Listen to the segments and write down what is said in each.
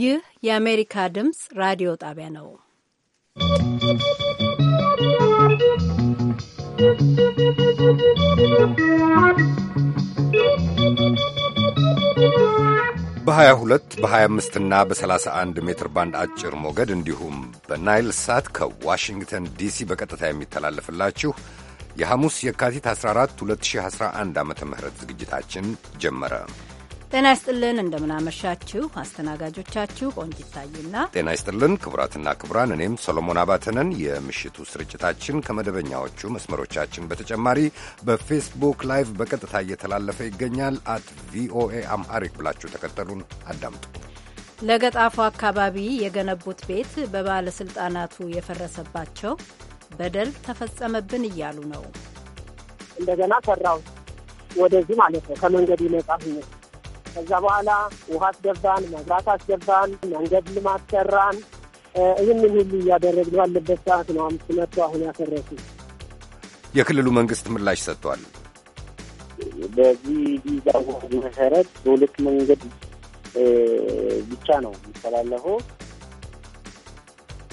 ይህ የአሜሪካ ድምፅ ራዲዮ ጣቢያ ነው። በ22 በ25 እና በ31 ሜትር ባንድ አጭር ሞገድ እንዲሁም በናይል ሳት ከዋሽንግተን ዲሲ በቀጥታ የሚተላለፍላችሁ የሐሙስ የካቲት 14 2011 ዓ ም ዝግጅታችን ጀመረ። ጤና ይስጥልን እንደምናመሻችሁ። አስተናጋጆቻችሁ ቆንጅ ይታይና ጤና ይስጥልን ክቡራትና ክቡራን፣ እኔም ሰሎሞን አባተነን። የምሽቱ ስርጭታችን ከመደበኛዎቹ መስመሮቻችን በተጨማሪ በፌስቡክ ላይቭ በቀጥታ እየተላለፈ ይገኛል። አት ቪኦኤ አምሃሪክ ብላችሁ ተከተሉን አዳምጡ። ለገጣፉ አካባቢ የገነቡት ቤት በባለስልጣናቱ የፈረሰባቸው በደል ተፈጸመብን እያሉ ነው። እንደገና ሰራው ወደዚህ ማለት ነው ከመንገድ ይመጣ ከዛ በኋላ ውሃ አስገባን፣ መብራት አስገባን፣ መንገድ ልማት ሰራን። ይህንን ሁሉ እያደረግን ባለበት ሰዓት ነው አምስት መቶ አሁን ያፈረሱ። የክልሉ መንግስት ምላሽ ሰጥቷል። በዚህ ዲዛ መሰረት በሁለት መንገድ ብቻ ነው የሚተላለፈው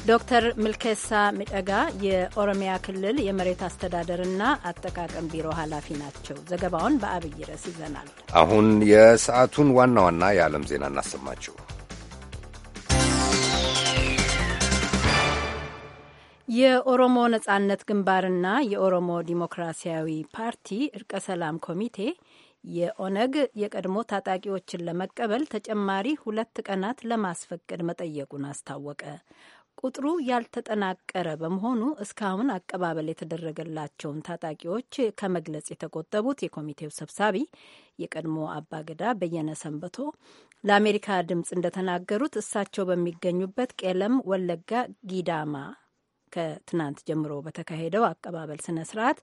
ዶክተር ምልኬሳ ሚደጋ የኦሮሚያ ክልል የመሬት አስተዳደርና አጠቃቀም ቢሮ ኃላፊ ናቸው። ዘገባውን በአብይ ርዕስ ይዘናል። አሁን የሰዓቱን ዋና ዋና የዓለም ዜና እናሰማችሁ። የኦሮሞ ነጻነት ግንባርና የኦሮሞ ዲሞክራሲያዊ ፓርቲ እርቀ ሰላም ኮሚቴ የኦነግ የቀድሞ ታጣቂዎችን ለመቀበል ተጨማሪ ሁለት ቀናት ለማስፈቀድ መጠየቁን አስታወቀ። ቁጥሩ ያልተጠናቀረ በመሆኑ እስካሁን አቀባበል የተደረገላቸውን ታጣቂዎች ከመግለጽ የተቆጠቡት የኮሚቴው ሰብሳቢ የቀድሞ አባገዳ በየነ ሰንበቶ ለአሜሪካ ድምፅ እንደተናገሩት እሳቸው በሚገኙበት ቄለም፣ ወለጋ፣ ጊዳማ ከትናንት ጀምሮ በተካሄደው አቀባበል ስነ ስርዓት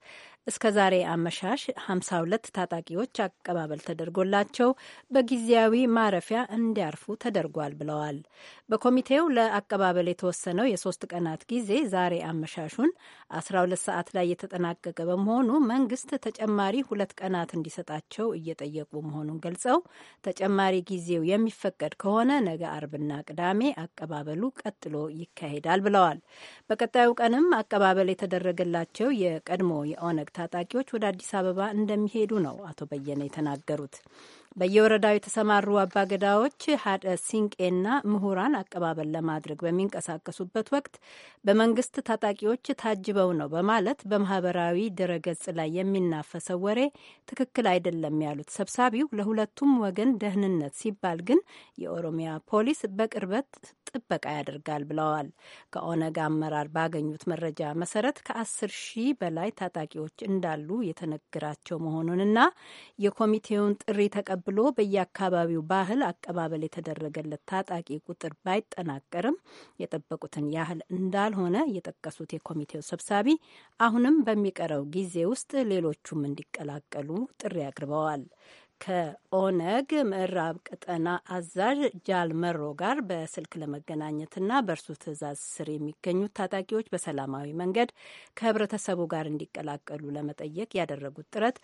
እስከ ዛሬ አመሻሽ 52 ታጣቂዎች አቀባበል ተደርጎላቸው በጊዜያዊ ማረፊያ እንዲያርፉ ተደርጓል ብለዋል። በኮሚቴው ለአቀባበል የተወሰነው የሶስት ቀናት ጊዜ ዛሬ አመሻሹን 12 ሰዓት ላይ የተጠናቀቀ በመሆኑ መንግስት ተጨማሪ ሁለት ቀናት እንዲሰጣቸው እየጠየቁ መሆኑን ገልጸው ተጨማሪ ጊዜው የሚፈቀድ ከሆነ ነገ አርብና ቅዳሜ አቀባበሉ ቀጥሎ ይካሄዳል ብለዋል። በቀጣዩ ቀንም አቀባበል የተደረገላቸው የቀድሞ የኦነግ ታጣቂዎች ወደ አዲስ አበባ እንደሚሄዱ ነው አቶ በየነ የተናገሩት። በየወረዳው የተሰማሩ አባገዳዎች ሀደ ሲንቄና ምሁራን አቀባበል ለማድረግ በሚንቀሳቀሱበት ወቅት በመንግስት ታጣቂዎች ታጅበው ነው በማለት በማህበራዊ ድረገጽ ላይ የሚናፈሰው ወሬ ትክክል አይደለም ያሉት ሰብሳቢው፣ ለሁለቱም ወገን ደህንነት ሲባል ግን የኦሮሚያ ፖሊስ በቅርበት ጥበቃ ያደርጋል ብለዋል። ከኦነግ አመራር ባገኙት መረጃ መሰረት ከአስር ሺህ በላይ ታጣቂዎች እንዳሉ የተነገራቸው መሆኑንና የኮሚቴውን ጥሪ ተቀብ ብሎ በየአካባቢው ባህል አቀባበል የተደረገለት ታጣቂ ቁጥር ባይጠናቀርም የጠበቁትን ያህል እንዳልሆነ የጠቀሱት የኮሚቴው ሰብሳቢ አሁንም በሚቀረው ጊዜ ውስጥ ሌሎቹም እንዲቀላቀሉ ጥሪ አቅርበዋል። ከኦነግ ምዕራብ ቀጠና አዛዥ ጃል መሮ ጋር በስልክ ለመገናኘትና በእርሱ ትዕዛዝ ስር የሚገኙት ታጣቂዎች በሰላማዊ መንገድ ከህብረተሰቡ ጋር እንዲቀላቀሉ ለመጠየቅ ያደረጉት ጥረት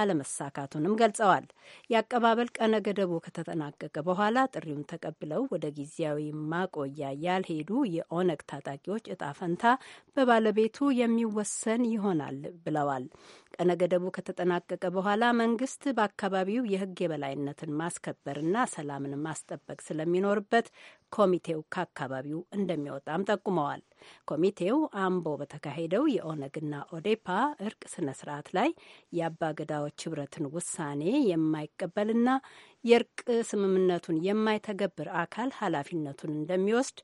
አለመሳካቱንም ገልጸዋል። የአቀባበል ቀነ ገደቡ ከተጠናቀቀ በኋላ ጥሪውን ተቀብለው ወደ ጊዜያዊ ማቆያ ያልሄዱ የኦነግ ታጣቂዎች እጣ ፈንታ በባለቤቱ የሚወሰን ይሆናል ብለዋል። ቀነ ገደቡ ከተጠናቀቀ በኋላ መንግስት በአካባቢው በአካባቢው የህግ የበላይነትን ማስከበርና ሰላምን ማስጠበቅ ስለሚኖርበት ኮሚቴው ከአካባቢው እንደሚወጣም ጠቁመዋል። ኮሚቴው አምቦ በተካሄደው የኦነግና ኦዴፓ እርቅ ስነ ስርዓት ላይ የአባገዳዎች ህብረትን ውሳኔ የማይቀበልና የእርቅ ስምምነቱን የማይተገብር አካል ኃላፊነቱን እንደሚወስድ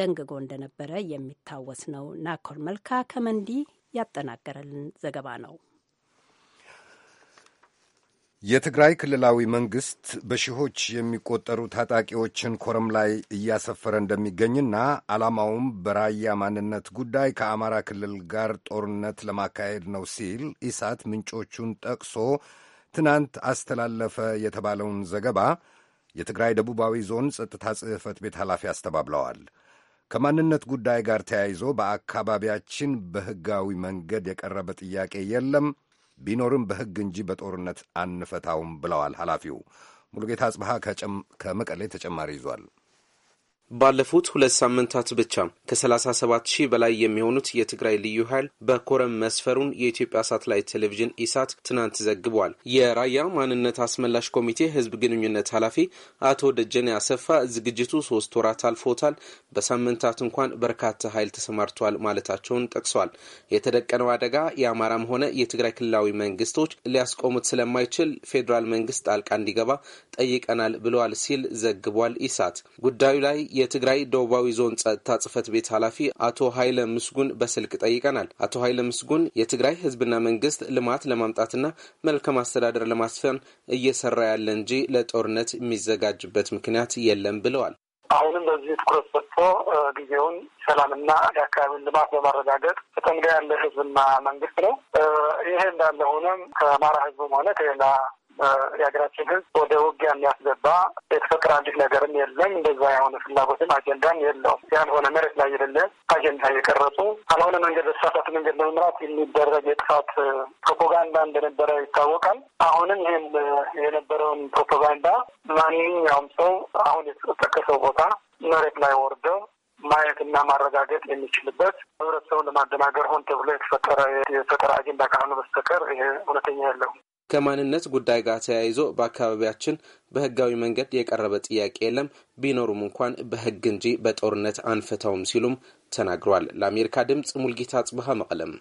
ደንግጎ እንደነበረ የሚታወስ ነው። ናኮር መልካ ከመንዲ ያጠናቀረልን ዘገባ ነው። የትግራይ ክልላዊ መንግሥት በሺዎች የሚቆጠሩ ታጣቂዎችን ኮረም ላይ እያሰፈረ እንደሚገኝና ዓላማውም በራያ ማንነት ጉዳይ ከአማራ ክልል ጋር ጦርነት ለማካሄድ ነው ሲል ኢሳት ምንጮቹን ጠቅሶ ትናንት አስተላለፈ የተባለውን ዘገባ የትግራይ ደቡባዊ ዞን ጸጥታ ጽሕፈት ቤት ኃላፊ አስተባብለዋል። ከማንነት ጉዳይ ጋር ተያይዞ በአካባቢያችን በሕጋዊ መንገድ የቀረበ ጥያቄ የለም ቢኖርም በሕግ እንጂ በጦርነት አንፈታውም ብለዋል ኃላፊው። ሙሉጌታ አጽብሃ ከመቀሌ ተጨማሪ ይዟል። ባለፉት ሁለት ሳምንታት ብቻ ከ37 ሺህ በላይ የሚሆኑት የትግራይ ልዩ ኃይል በኮረም መስፈሩን የኢትዮጵያ ሳትላይት ቴሌቪዥን ኢሳት ትናንት ዘግቧል። የራያ ማንነት አስመላሽ ኮሚቴ ህዝብ ግንኙነት ኃላፊ አቶ ደጀን አሰፋ ዝግጅቱ ሶስት ወራት አልፎታል፣ በሳምንታት እንኳን በርካታ ኃይል ተሰማርቷል ማለታቸውን ጠቅሷል። የተደቀነው አደጋ የአማራም ሆነ የትግራይ ክልላዊ መንግስቶች ሊያስቆሙት ስለማይችል ፌዴራል መንግስት ጣልቃ እንዲገባ ጠይቀናል ብለዋል ሲል ዘግቧል። ኢሳት ጉዳዩ ላይ የትግራይ ደቡባዊ ዞን ጸጥታ ጽህፈት ቤት ኃላፊ አቶ ኃይለ ምስጉን በስልክ ጠይቀናል። አቶ ኃይለ ምስጉን የትግራይ ህዝብና መንግስት ልማት ለማምጣትና መልካም አስተዳደር ለማስፈን እየሰራ ያለ እንጂ ለጦርነት የሚዘጋጅበት ምክንያት የለም ብለዋል። አሁንም በዚህ ትኩረት ሰጥቶ ጊዜውን ሰላምና የአካባቢውን ልማት በማረጋገጥ ተጠምዶ ያለ ህዝብና መንግስት ነው። ይሄ እንዳለ ሆነም ከአማራ ህዝብም ሆነ ከሌላ የሀገራችን ህዝብ ወደ ውጊያ የሚያስገባ የተፈጠረ አንዲት ነገርም የለም። እንደዛ የሆነ ፍላጎትም አጀንዳም የለውም። ያልሆነ መሬት ላይ የሌለ አጀንዳ እየቀረጹ አልሆነ መንገድ በተሳሳተ መንገድ ለመምራት የሚደረግ የጥፋት ፕሮፓጋንዳ እንደነበረ ይታወቃል። አሁንም ይህም የነበረውን ፕሮፓጋንዳ ማንኛውም ሰው አሁን የተጠቀሰው ቦታ መሬት ላይ ወርደው ማየትና ማረጋገጥ የሚችልበት ህብረተሰቡን ለማደናገር ሆን ተብሎ የተፈጠረ የፈጠራ አጀንዳ ካልሆነ በስተቀር ይሄ እውነተኛ ያለው ከማንነት ጉዳይ ጋር ተያይዞ በአካባቢያችን በህጋዊ መንገድ የቀረበ ጥያቄ የለም። ቢኖሩም እንኳን በህግ እንጂ በጦርነት አንፈታውም ሲሉም ተናግሯል። ለአሜሪካ ድምፅ ሙልጌታ ጽብሃ መቀለም።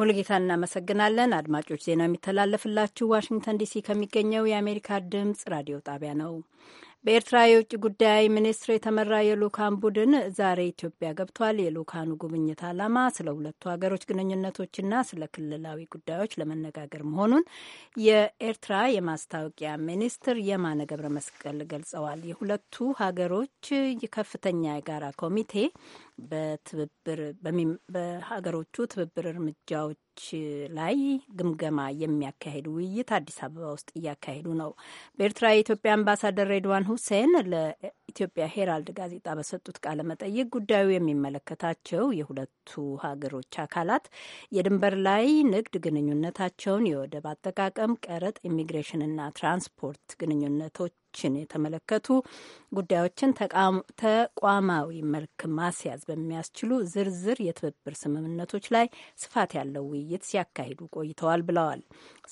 ሙልጌታ እናመሰግናለን። አድማጮች ዜናው የሚተላለፍላችሁ ዋሽንግተን ዲሲ ከሚገኘው የአሜሪካ ድምፅ ራዲዮ ጣቢያ ነው። በኤርትራ የውጭ ጉዳይ ሚኒስትር የተመራ የልኡካን ቡድን ዛሬ ኢትዮጵያ ገብቷል። የልኡካኑ ጉብኝት ዓላማ ስለ ሁለቱ ሀገሮች ግንኙነቶችና ስለ ክልላዊ ጉዳዮች ለመነጋገር መሆኑን የኤርትራ የማስታወቂያ ሚኒስትር የማነ ገብረ መስቀል ገልጸዋል። የሁለቱ ሀገሮች ከፍተኛ የጋራ ኮሚቴ በትብብር በሀገሮቹ ትብብር እርምጃዎች ላይ ግምገማ የሚያካሂድ ውይይት አዲስ አበባ ውስጥ እያካሄዱ ነው። በኤርትራ የኢትዮጵያ አምባሳደር ሬድዋን ሁሴን ለኢትዮጵያ ሄራልድ ጋዜጣ በሰጡት ቃለ መጠይቅ ጉዳዩ የሚመለከታቸው የሁለቱ የሁለቱ ሀገሮች አካላት የድንበር ላይ ንግድ ግንኙነታቸውን፣ የወደብ አጠቃቀም፣ ቀረጥ፣ ኢሚግሬሽንና ትራንስፖርት ግንኙነቶችን የተመለከቱ ጉዳዮችን ተቋማዊ መልክ ማስያዝ በሚያስችሉ ዝርዝር የትብብር ስምምነቶች ላይ ስፋት ያለው ውይይት ሲያካሂዱ ቆይተዋል ብለዋል።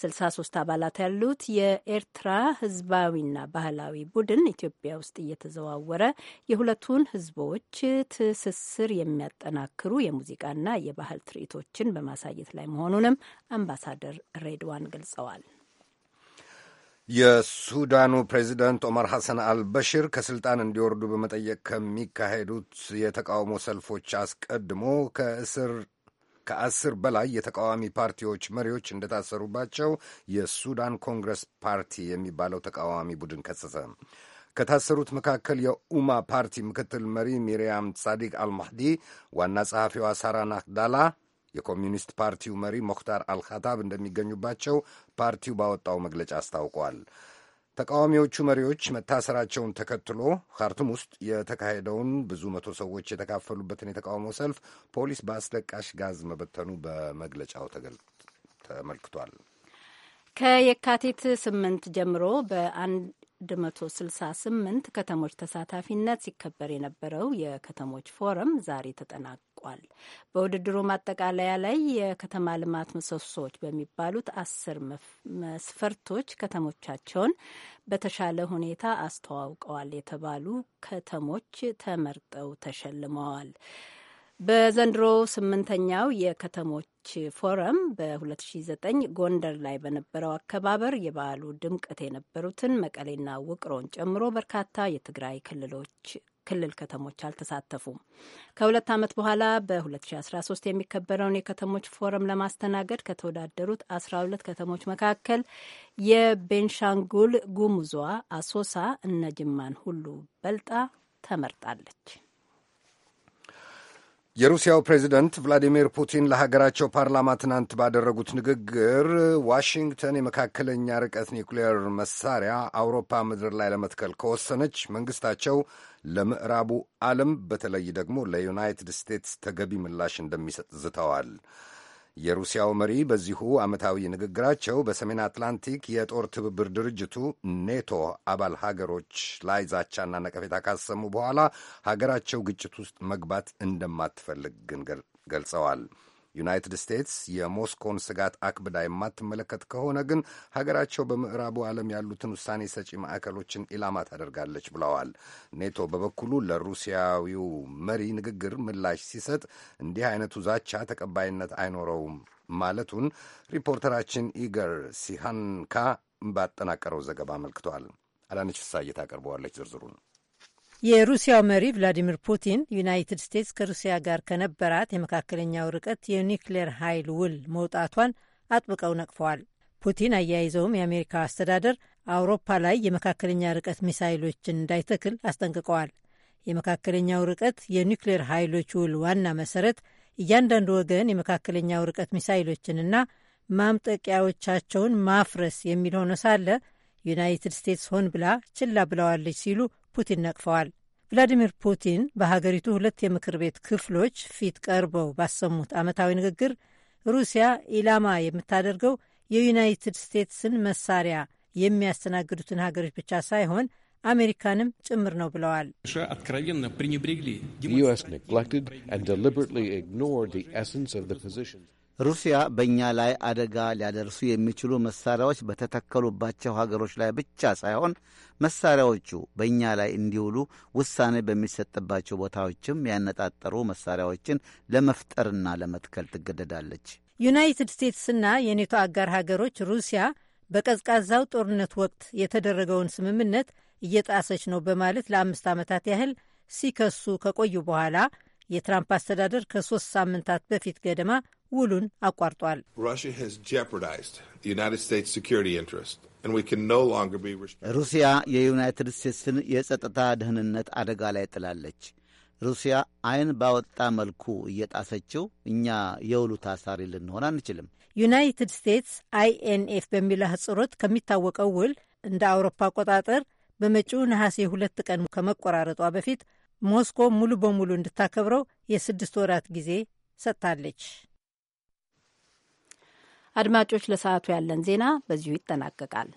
63 አባላት ያሉት የኤርትራ ህዝባዊና ባህላዊ ቡድን ኢትዮጵያ ውስጥ እየተዘዋወረ የሁለቱን ህዝቦች ትስስር የሚያጠናክሩ የሙዚቃና የባህል ትርኢቶችን በማሳየት ላይ መሆኑንም አምባሳደር ሬድዋን ገልጸዋል። የሱዳኑ ፕሬዚደንት ኦማር ሐሰን አልበሽር ከስልጣን እንዲወርዱ በመጠየቅ ከሚካሄዱት የተቃውሞ ሰልፎች አስቀድሞ ከእስር ከአስር በላይ የተቃዋሚ ፓርቲዎች መሪዎች እንደታሰሩባቸው የሱዳን ኮንግረስ ፓርቲ የሚባለው ተቃዋሚ ቡድን ከሰሰ። ከታሰሩት መካከል የኡማ ፓርቲ ምክትል መሪ ሚርያም ሳዲቅ አልማህዲ፣ ዋና ጸሐፊዋ ሳራ ናክዳላ፣ የኮሚኒስት ፓርቲው መሪ ሞክታር አልካታብ እንደሚገኙባቸው ፓርቲው ባወጣው መግለጫ አስታውቋል። ተቃዋሚዎቹ መሪዎች መታሰራቸውን ተከትሎ ካርቱም ውስጥ የተካሄደውን ብዙ መቶ ሰዎች የተካፈሉበትን የተቃውሞ ሰልፍ ፖሊስ በአስለቃሽ ጋዝ መበተኑ በመግለጫው ተመልክቷል። ከየካቲት ስምንት ጀምሮ ስልሳ ስምንት ከተሞች ተሳታፊነት ሲከበር የነበረው የከተሞች ፎረም ዛሬ ተጠናቀ ተመርቋል። በውድድሩ ማጠቃለያ ላይ የከተማ ልማት ምሰሶዎች በሚባሉት አስር መስፈርቶች ከተሞቻቸውን በተሻለ ሁኔታ አስተዋውቀዋል የተባሉ ከተሞች ተመርጠው ተሸልመዋል። በዘንድሮ ስምንተኛው የከተሞች ፎረም በ2009 ጎንደር ላይ በነበረው አከባበር የበዓሉ ድምቀት የነበሩትን መቀሌና ውቅሮን ጨምሮ በርካታ የትግራይ ክልሎች ክልል ከተሞች አልተሳተፉም። ከሁለት ዓመት በኋላ በ2013 የሚከበረውን የከተሞች ፎረም ለማስተናገድ ከተወዳደሩት 12 ከተሞች መካከል የቤንሻንጉል ጉሙዟ አሶሳ እነ ጅማን ሁሉ በልጣ ተመርጣለች። የሩሲያው ፕሬዚደንት ቭላዲሚር ፑቲን ለሀገራቸው ፓርላማ ትናንት ባደረጉት ንግግር ዋሽንግተን የመካከለኛ ርቀት ኒውክሌር መሳሪያ አውሮፓ ምድር ላይ ለመትከል ከወሰነች መንግስታቸው ለምዕራቡ ዓለም በተለይ ደግሞ ለዩናይትድ ስቴትስ ተገቢ ምላሽ እንደሚሰጥ ዝተዋል። የሩሲያው መሪ በዚሁ ዓመታዊ ንግግራቸው በሰሜን አትላንቲክ የጦር ትብብር ድርጅቱ ኔቶ አባል ሀገሮች ላይ ዛቻና ነቀፌታ ካሰሙ በኋላ ሀገራቸው ግጭት ውስጥ መግባት እንደማትፈልግ ግን ገልጸዋል። ዩናይትድ ስቴትስ የሞስኮን ስጋት አክብዳ የማትመለከት ከሆነ ግን ሀገራቸው በምዕራቡ ዓለም ያሉትን ውሳኔ ሰጪ ማዕከሎችን ኢላማ ታደርጋለች ብለዋል። ኔቶ በበኩሉ ለሩሲያዊው መሪ ንግግር ምላሽ ሲሰጥ እንዲህ አይነቱ ዛቻ ተቀባይነት አይኖረውም ማለቱን ሪፖርተራችን ኢገር ሲሃንካ ባጠናቀረው ዘገባ አመልክቷል። አዳነች ፍሳዬ ታቀርበዋለች ዝርዝሩን የሩሲያው መሪ ቭላዲሚር ፑቲን ዩናይትድ ስቴትስ ከሩሲያ ጋር ከነበራት የመካከለኛው ርቀት የኒክሌር ኃይል ውል መውጣቷን አጥብቀው ነቅፈዋል። ፑቲን አያይዘውም የአሜሪካው አስተዳደር አውሮፓ ላይ የመካከለኛ ርቀት ሚሳይሎችን እንዳይተክል አስጠንቅቀዋል። የመካከለኛው ርቀት የኒክሌር ኃይሎች ውል ዋና መሰረት እያንዳንዱ ወገን የመካከለኛው ርቀት ሚሳይሎችንና ማምጠቂያዎቻቸውን ማፍረስ የሚል ሆኖ ሳለ ዩናይትድ ስቴትስ ሆን ብላ ችላ ብለዋለች ሲሉ ፑቲን ነቅፈዋል። ቭላዲሚር ፑቲን በሀገሪቱ ሁለት የምክር ቤት ክፍሎች ፊት ቀርበው ባሰሙት ዓመታዊ ንግግር ሩሲያ ኢላማ የምታደርገው የዩናይትድ ስቴትስን መሳሪያ የሚያስተናግዱትን ሀገሮች ብቻ ሳይሆን አሜሪካንም ጭምር ነው ብለዋል። ሩሲያ በእኛ ላይ አደጋ ሊያደርሱ የሚችሉ መሳሪያዎች በተተከሉባቸው ሀገሮች ላይ ብቻ ሳይሆን መሳሪያዎቹ በእኛ ላይ እንዲውሉ ውሳኔ በሚሰጥባቸው ቦታዎችም ያነጣጠሩ መሳሪያዎችን ለመፍጠርና ለመትከል ትገደዳለች። ዩናይትድ ስቴትስና የኔቶ አጋር ሀገሮች ሩሲያ በቀዝቃዛው ጦርነት ወቅት የተደረገውን ስምምነት እየጣሰች ነው በማለት ለአምስት ዓመታት ያህል ሲከሱ ከቆዩ በኋላ የትራምፕ አስተዳደር ከሶስት ሳምንታት በፊት ገደማ ውሉን አቋርጧል። ሩሲያ የዩናይትድ ስቴትስን የጸጥታ ደህንነት አደጋ ላይ ጥላለች። ሩሲያ አይን ባወጣ መልኩ እየጣሰችው እኛ የውሉ ታሳሪ ልንሆን አንችልም። ዩናይትድ ስቴትስ አይኤንኤፍ በሚል አህጽሮት ከሚታወቀው ውል እንደ አውሮፓ አቆጣጠር በመጪው ነሐሴ ሁለት ቀን ከመቆራረጧ በፊት ሞስኮ ሙሉ በሙሉ እንድታከብረው የስድስት ወራት ጊዜ ሰጥታለች። አድማጮች፣ ለሰዓቱ ያለን ዜና በዚሁ ይጠናቀቃል።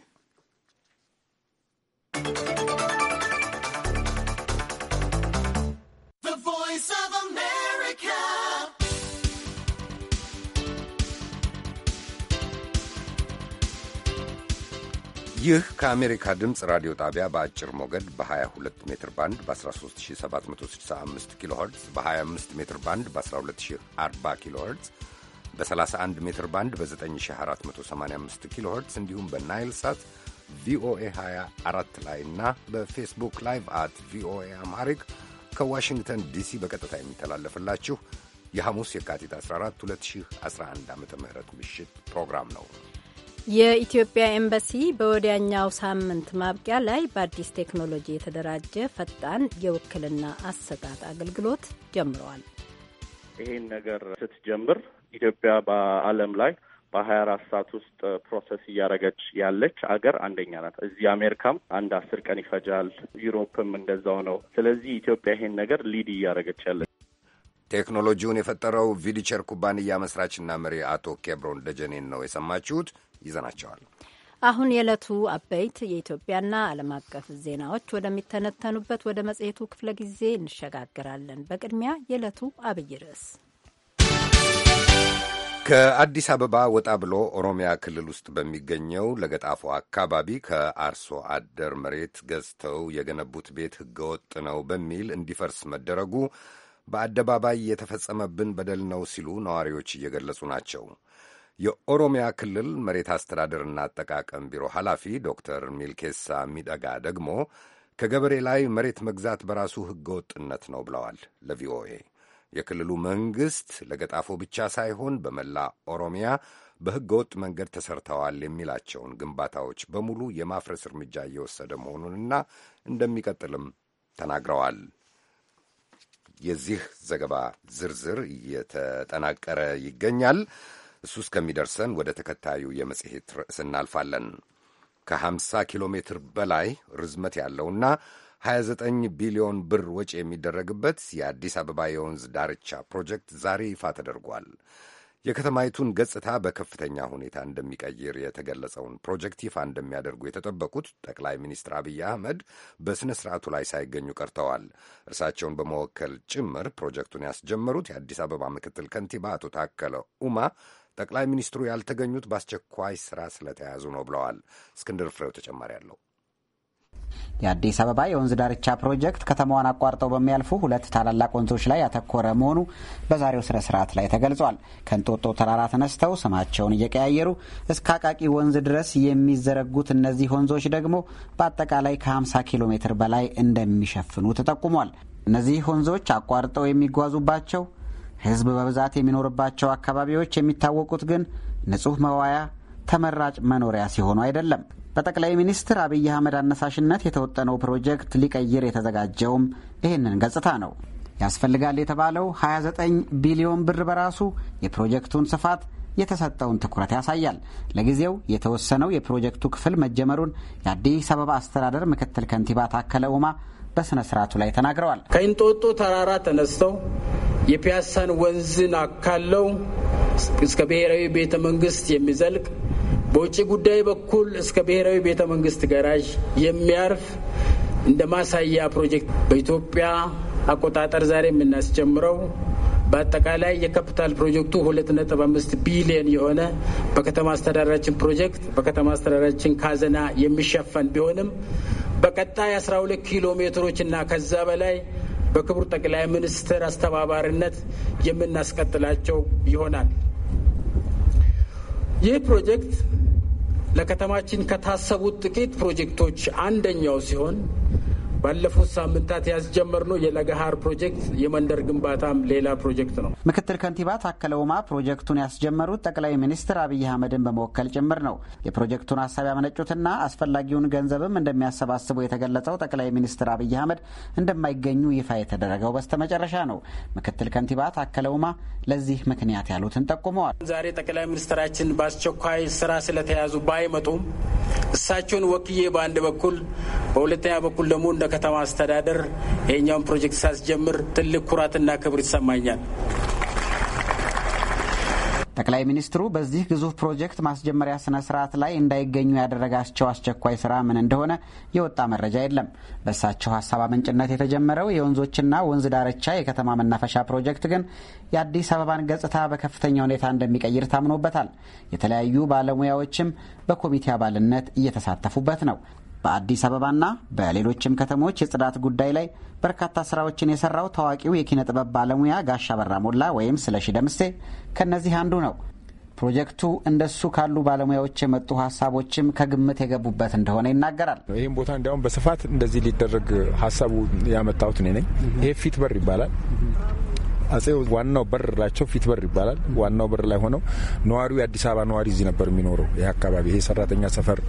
ይህ ከአሜሪካ ድምፅ ራዲዮ ጣቢያ በአጭር ሞገድ በ22 ሜትር ባንድ በ13765 ኪሎ ኸርትዝ በ25 ሜትር ባንድ በ1240 ኪሎ ኸርትዝ በ31 ሜትር ባንድ በ9485 ኪሎ ኸርትዝ እንዲሁም በናይል ሳት ቪኦኤ 24 ላይ እና በፌስቡክ ላይቭ አት ቪኦኤ አምሃሪክ ከዋሽንግተን ዲሲ በቀጥታ የሚተላለፍላችሁ የሐሙስ የካቲት 14 2011 ዓ ም ምሽት ፕሮግራም ነው። የኢትዮጵያ ኤምባሲ በወዲያኛው ሳምንት ማብቂያ ላይ በአዲስ ቴክኖሎጂ የተደራጀ ፈጣን የውክልና አሰጣጥ አገልግሎት ጀምረዋል። ይህን ነገር ስትጀምር ኢትዮጵያ በዓለም ላይ በሀያ አራት ሰዓት ውስጥ ፕሮሰስ እያደረገች ያለች አገር አንደኛ ናት። እዚህ አሜሪካም አንድ አስር ቀን ይፈጃል፣ ዩሮፕም እንደዛው ነው። ስለዚህ ኢትዮጵያ ይሄን ነገር ሊድ እያደረገች ያለች ቴክኖሎጂውን የፈጠረው ቪዲቸር ኩባንያ መስራችና መሪ አቶ ኬብሮን ደጀኔን ነው የሰማችሁት። ይዘናቸዋል። አሁን የዕለቱ አበይት የኢትዮጵያና ዓለም አቀፍ ዜናዎች ወደሚተነተኑበት ወደ መጽሔቱ ክፍለ ጊዜ እንሸጋግራለን። በቅድሚያ የዕለቱ አብይ ርዕስ ከአዲስ አበባ ወጣ ብሎ ኦሮሚያ ክልል ውስጥ በሚገኘው ለገጣፎ አካባቢ ከአርሶ አደር መሬት ገዝተው የገነቡት ቤት ሕገወጥ ነው በሚል እንዲፈርስ መደረጉ በአደባባይ የተፈጸመብን በደል ነው ሲሉ ነዋሪዎች እየገለጹ ናቸው። የኦሮሚያ ክልል መሬት አስተዳደርና አጠቃቀም ቢሮ ኃላፊ ዶክተር ሚልኬሳ ሚደጋ ደግሞ ከገበሬ ላይ መሬት መግዛት በራሱ ወጥነት ነው ብለዋል ለቪኦኤ። የክልሉ መንግሥት ለገጣፎ ብቻ ሳይሆን በመላ ኦሮሚያ ወጥ መንገድ ተሰርተዋል የሚላቸውን ግንባታዎች በሙሉ የማፍረስ እርምጃ እየወሰደ መሆኑንና እንደሚቀጥልም ተናግረዋል። የዚህ ዘገባ ዝርዝር እየተጠናቀረ ይገኛል። እሱ እስከሚደርሰን ወደ ተከታዩ የመጽሔት ርዕስ እናልፋለን። ከ50 ኪሎ ሜትር በላይ ርዝመት ያለውና 29 ቢሊዮን ብር ወጪ የሚደረግበት የአዲስ አበባ የወንዝ ዳርቻ ፕሮጀክት ዛሬ ይፋ ተደርጓል። የከተማይቱን ገጽታ በከፍተኛ ሁኔታ እንደሚቀይር የተገለጸውን ፕሮጀክት ይፋ እንደሚያደርጉ የተጠበቁት ጠቅላይ ሚኒስትር አብይ አህመድ በሥነ ሥርዓቱ ላይ ሳይገኙ ቀርተዋል። እርሳቸውን በመወከል ጭምር ፕሮጀክቱን ያስጀመሩት የአዲስ አበባ ምክትል ከንቲባ አቶ ታከለ ኡማ ጠቅላይ ሚኒስትሩ ያልተገኙት በአስቸኳይ ሥራ ስለተያዙ ነው ብለዋል። እስክንድር ፍሬው ተጨማሪ አለው። የአዲስ አበባ የወንዝ ዳርቻ ፕሮጀክት ከተማዋን አቋርጠው በሚያልፉ ሁለት ታላላቅ ወንዞች ላይ ያተኮረ መሆኑ በዛሬው ስነ ስርዓት ላይ ተገልጿል። ከእንጦጦ ተራራ ተነስተው ስማቸውን እየቀያየሩ እስከ አቃቂ ወንዝ ድረስ የሚዘረጉት እነዚህ ወንዞች ደግሞ በአጠቃላይ ከ50 ኪሎ ሜትር በላይ እንደሚሸፍኑ ተጠቁሟል። እነዚህ ወንዞች አቋርጠው የሚጓዙባቸው ህዝብ በብዛት የሚኖርባቸው አካባቢዎች የሚታወቁት ግን ንጹህ መዋያ ተመራጭ መኖሪያ ሲሆኑ አይደለም። በጠቅላይ ሚኒስትር አብይ አህመድ አነሳሽነት የተወጠነው ፕሮጀክት ሊቀይር የተዘጋጀውም ይህንን ገጽታ ነው። ያስፈልጋል የተባለው 29 ቢሊዮን ብር በራሱ የፕሮጀክቱን ስፋት የተሰጠውን ትኩረት ያሳያል። ለጊዜው የተወሰነው የፕሮጀክቱ ክፍል መጀመሩን የአዲስ አበባ አስተዳደር ምክትል ከንቲባ ታከለ ኡማ በሥነ ሥርዓቱ ላይ ተናግረዋል። ከእንጦጦ ተራራ ተነስተው የፒያሳን ወንዝን አካለው እስከ ብሔራዊ ቤተ መንግስት የሚዘልቅ በውጭ ጉዳይ በኩል እስከ ብሔራዊ ቤተ መንግስት ጋራዥ የሚያርፍ እንደ ማሳያ ፕሮጀክት በኢትዮጵያ አቆጣጠር ዛሬ የምናስጀምረው በአጠቃላይ የካፒታል ፕሮጀክቱ 25 ቢሊዮን የሆነ በከተማ አስተዳደራችን ፕሮጀክት በከተማ አስተዳደራችን ካዘና የሚሸፈን ቢሆንም በቀጣይ 12 ኪሎ እና ከዛ በላይ በክቡር ጠቅላይ ሚኒስትር አስተባባሪነት የምናስቀጥላቸው ይሆናል። ይህ ፕሮጀክት ለከተማችን ከታሰቡት ጥቂት ፕሮጀክቶች አንደኛው ሲሆን ባለፉት ሳምንታት ያስጀመርነው የለገሃር ፕሮጀክት የመንደር ግንባታም ሌላ ፕሮጀክት ነው። ምክትል ከንቲባ ታከለ ፕሮጀክቱን ያስጀመሩት ጠቅላይ ሚኒስትር አብይ አህመድን በመወከል ጭምር ነው። የፕሮጀክቱን ሀሳብ ያመነጩትና አስፈላጊውን ገንዘብም እንደሚያሰባስቡ የተገለጸው ጠቅላይ ሚኒስትር አብይ አህመድ እንደማይገኙ ይፋ የተደረገው በስተመጨረሻ ነው። ምክትል ከንቲባ ታከለ ለዚህ ምክንያት ያሉትን ጠቁመዋል። ዛሬ ጠቅላይ ሚኒስትራችን በአስቸኳይ ስራ ስለተያዙ ባይመጡም እሳቸውን ወክዬ በአንድ በኩል በሁለተኛ በኩል ደግሞ እንደ ከተማ አስተዳደር ይህኛውን ፕሮጀክት ሳስጀምር ትልቅ ኩራትና ክብር ይሰማኛል። ጠቅላይ ሚኒስትሩ በዚህ ግዙፍ ፕሮጀክት ማስጀመሪያ ስነ ስርዓት ላይ እንዳይገኙ ያደረጋቸው አስቸኳይ ስራ ምን እንደሆነ የወጣ መረጃ የለም። በእሳቸው ሀሳብ አመንጭነት የተጀመረው የወንዞችና ወንዝ ዳርቻ የከተማ መናፈሻ ፕሮጀክት ግን የአዲስ አበባን ገጽታ በከፍተኛ ሁኔታ እንደሚቀይር ታምኖበታል። የተለያዩ ባለሙያዎችም በኮሚቴ አባልነት እየተሳተፉበት ነው። በአዲስ አበባና በሌሎችም ከተሞች የጽዳት ጉዳይ ላይ በርካታ ስራዎችን የሰራው ታዋቂው የኪነ ጥበብ ባለሙያ ጋሻ በራ ሞላ ወይም ስለሺ ደምሴ ከእነዚህ አንዱ ነው። ፕሮጀክቱ እንደሱ ካሉ ባለሙያዎች የመጡ ሀሳቦችም ከግምት የገቡበት እንደሆነ ይናገራል። ይህም ቦታ እንዲያውም በስፋት እንደዚህ ሊደረግ ሀሳቡ ያመጣሁት እኔ ነኝ። ይሄ ፊት በር ይባላል። አጼ ዋናው ላቸው ፊት በር ይባላል። ዋናው በር ላይ ሆነው ነዋሪው የአዲስ አበባ ነዋሪ እዚህ ነበር የሚኖረው። ይህ አካባቢ ይሄ ሰራተኛ ሰፈር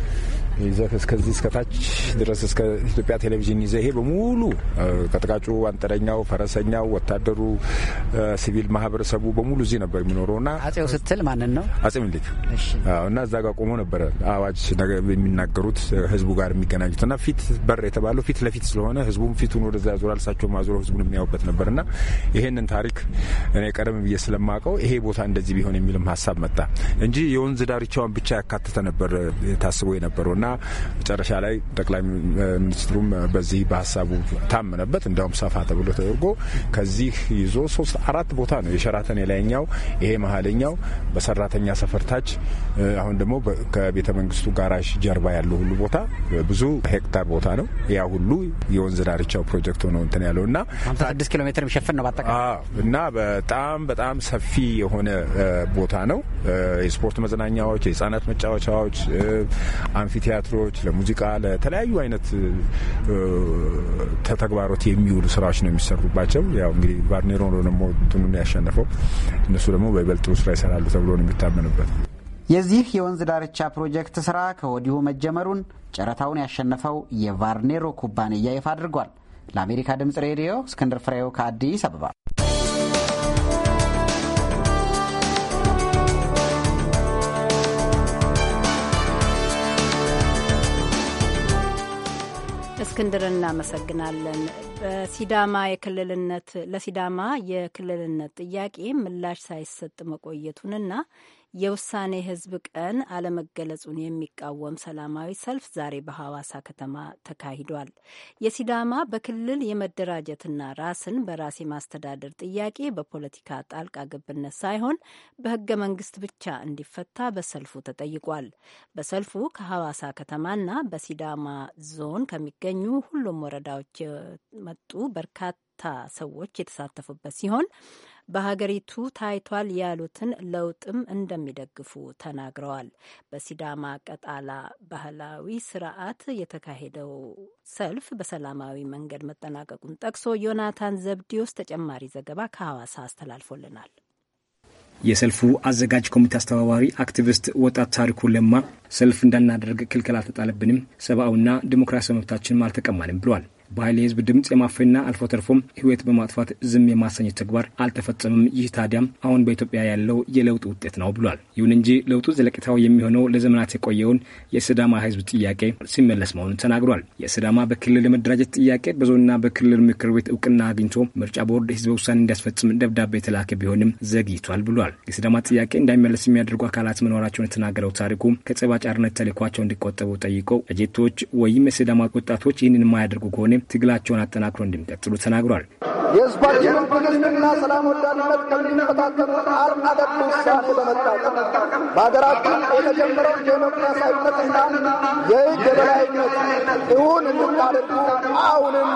ይዘህ እስከዚህ እስከታች ድረስ እስከ ኢትዮጵያ ቴሌቪዥን ይዘህ ይሄ በሙሉ ቀጥቃጩ፣ አንጥረኛው፣ ፈረሰኛው፣ ወታደሩ፣ ሲቪል ማህበረሰቡ በሙሉ እዚህ ነበር የሚኖረው እና አጼው ስትል ማንን ነው? አጼ ምኒልክ እና እዛ ጋር ቆሞ ነበረ አዋጅ የሚናገሩት ህዝቡ ጋር የሚገናኙት እና ፊት በር የተባለው ፊት ለፊት ስለሆነ ህዝቡም ፊቱን ወደዛ ያዞራል፣ እሳቸው ማዞረው ህዝቡን የሚያውበት ነበር እና ይሄንን ታሪክ እኔ ቀደም ብዬ ስለማውቀው ይሄ ቦታ እንደዚህ ቢሆን የሚልም ሀሳብ መጣ እንጂ የወንዝ ዳርቻዋን ብቻ ያካተተ ነበር ታስቦ የነበረው እና መጨረሻ ላይ ጠቅላይ ሚኒስትሩም በዚህ በሀሳቡ ታመነበት። እንዲያውም ሰፋ ተብሎ ተደርጎ ከዚህ ይዞ ሶስት አራት ቦታ ነው የሸራተን የላይኛው፣ ይሄ መሀለኛው፣ በሰራተኛ ሰፈር ታች፣ አሁን ደግሞ ከቤተ መንግስቱ ጋራዥ ጀርባ ያለው ሁሉ ቦታ ብዙ ሄክታር ቦታ ነው። ያ ሁሉ የወንዝ ዳርቻው ፕሮጀክት ሆኖ እንትን ያለው እና ስድስት ኪሎ ሜትር የሚሸፍን ነው በአጠቃላይ እና በጣም በጣም ሰፊ የሆነ ቦታ ነው። የስፖርት መዝናኛዎች፣ የህጻናት መጫወቻዎች፣ አንፊቴ ለቲያትሮች፣ ለሙዚቃ፣ ለተለያዩ አይነት ተግባሮት የሚውሉ ስራዎች ነው የሚሰሩባቸው። ያው እንግዲህ ቫርኔሮ ደግሞ እንትኑን ያሸነፈው እነሱ ደግሞ በይበልጥ ስራ ይሰራሉ ተብሎ ነው የሚታመንበት። የዚህ የወንዝ ዳርቻ ፕሮጀክት ስራ ከወዲሁ መጀመሩን ጨረታውን ያሸነፈው የቫርኔሮ ኩባንያ ይፋ አድርጓል። ለአሜሪካ ድምጽ ሬዲዮ እስክንድር ፍሬው ከአዲስ አበባ እስክንድር እናመሰግናለን። በሲዳማ የክልልነት ለሲዳማ የክልልነት ጥያቄ ምላሽ ሳይሰጥ መቆየቱንና የውሳኔ ህዝብ ቀን አለመገለጹን የሚቃወም ሰላማዊ ሰልፍ ዛሬ በሐዋሳ ከተማ ተካሂዷል። የሲዳማ በክልል የመደራጀትና ራስን በራስ የማስተዳደር ጥያቄ በፖለቲካ ጣልቃ ገብነት ሳይሆን በህገ መንግስት ብቻ እንዲፈታ በሰልፉ ተጠይቋል። በሰልፉ ከሐዋሳ ከተማና በሲዳማ ዞን ከሚገኙ ሁሉም ወረዳዎች የመጡ በርካታ ሰዎች የተሳተፉበት ሲሆን በሀገሪቱ ታይቷል ያሉትን ለውጥም እንደሚደግፉ ተናግረዋል። በሲዳማ ቀጣላ ባህላዊ ስርዓት የተካሄደው ሰልፍ በሰላማዊ መንገድ መጠናቀቁን ጠቅሶ ዮናታን ዘብዲዮስ ተጨማሪ ዘገባ ከሐዋሳ አስተላልፎልናል። የሰልፉ አዘጋጅ ኮሚቴ አስተባባሪ አክቲቪስት ወጣት ታሪኩ ለማ ሰልፍ እንዳናደርግ ክልከላ አልተጣለብንም፣ ሰብአዊና ዲሞክራሲያዊ መብታችንም አልተቀማንም ብሏል። በኃይል የህዝብ ድምፅ የማፈንና አልፎ ተርፎም ህይወት በማጥፋት ዝም የማሰኘት ተግባር አልተፈጸምም። ይህ ታዲያም አሁን በኢትዮጵያ ያለው የለውጥ ውጤት ነው ብሏል። ይሁን እንጂ ለውጡ ዘለቂታዊ የሚሆነው ለዘመናት የቆየውን የስዳማ ህዝብ ጥያቄ ሲመለስ መሆኑን ተናግሯል። የስዳማ በክልል የመደራጀት ጥያቄ በዞንና በክልል ምክር ቤት እውቅና አግኝቶ ምርጫ ቦርድ ህዝበ ውሳኔ እንዲያስፈጽም ደብዳቤ የተላከ ቢሆንም ዘግይቷል ብሏል። የስዳማ ጥያቄ እንዳይመለስ የሚያደርጉ አካላት መኖራቸውን የተናገረው ታሪኩ ከጸባጫርነት ተልኳቸው እንዲቆጠቡ ጠይቆ እጀቶች ወይም የስዳማ ወጣቶች ይህንን የማያደርጉ ከሆነ ትግላቸውን አጠናክሮ እንደሚቀጥሉ ተናግሯል። የህዝባችንን ትዕግስትና ሰላም ወዳድነት ከሚፈታተኑ አርብ አደብ ውሳኔ በመታቀም በሀገራችን የተጀመረው ዴሞክራሲያዊነትና የህግ የበላይነት እውን እንድታደርጉ አሁንም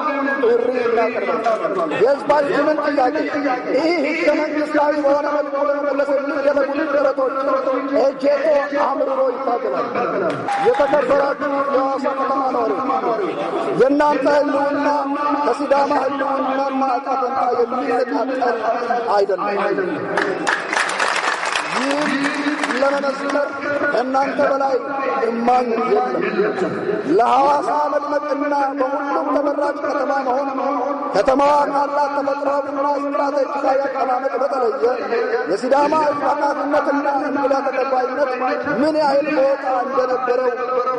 ጥሪ እናቀርባለን። የህዝባችንን ጥያቄ ይህ ህገ መንግስታዊ በሆነ መልኩ ለመመለስ የሚደረጉትን ጥረቶች ኤጄኦ አምርሮ ይታገላል። የተከበራችሁ የዋሳ ከተማ ነዋሪዎች የእናንተ ህል ህልውና ከሲዳማ ህልውና ዕጣ ፈንታ የሚነጣጠል አይደለም። ይህ ለመመስረት ከእናንተ በላይ እማኝ የለም። ለሐዋሳ መድመቅና በሁሉም ተመራጭ ከተማ መሆን ከተማዋ ካላት ተፈጥሯዊና ስትራቴጂካዊ አቀማመጥ በተለየ የሲዳማ አቃትነትና እንግዳ ተቀባይነት ምን ያህል ቦታ እንደነበረው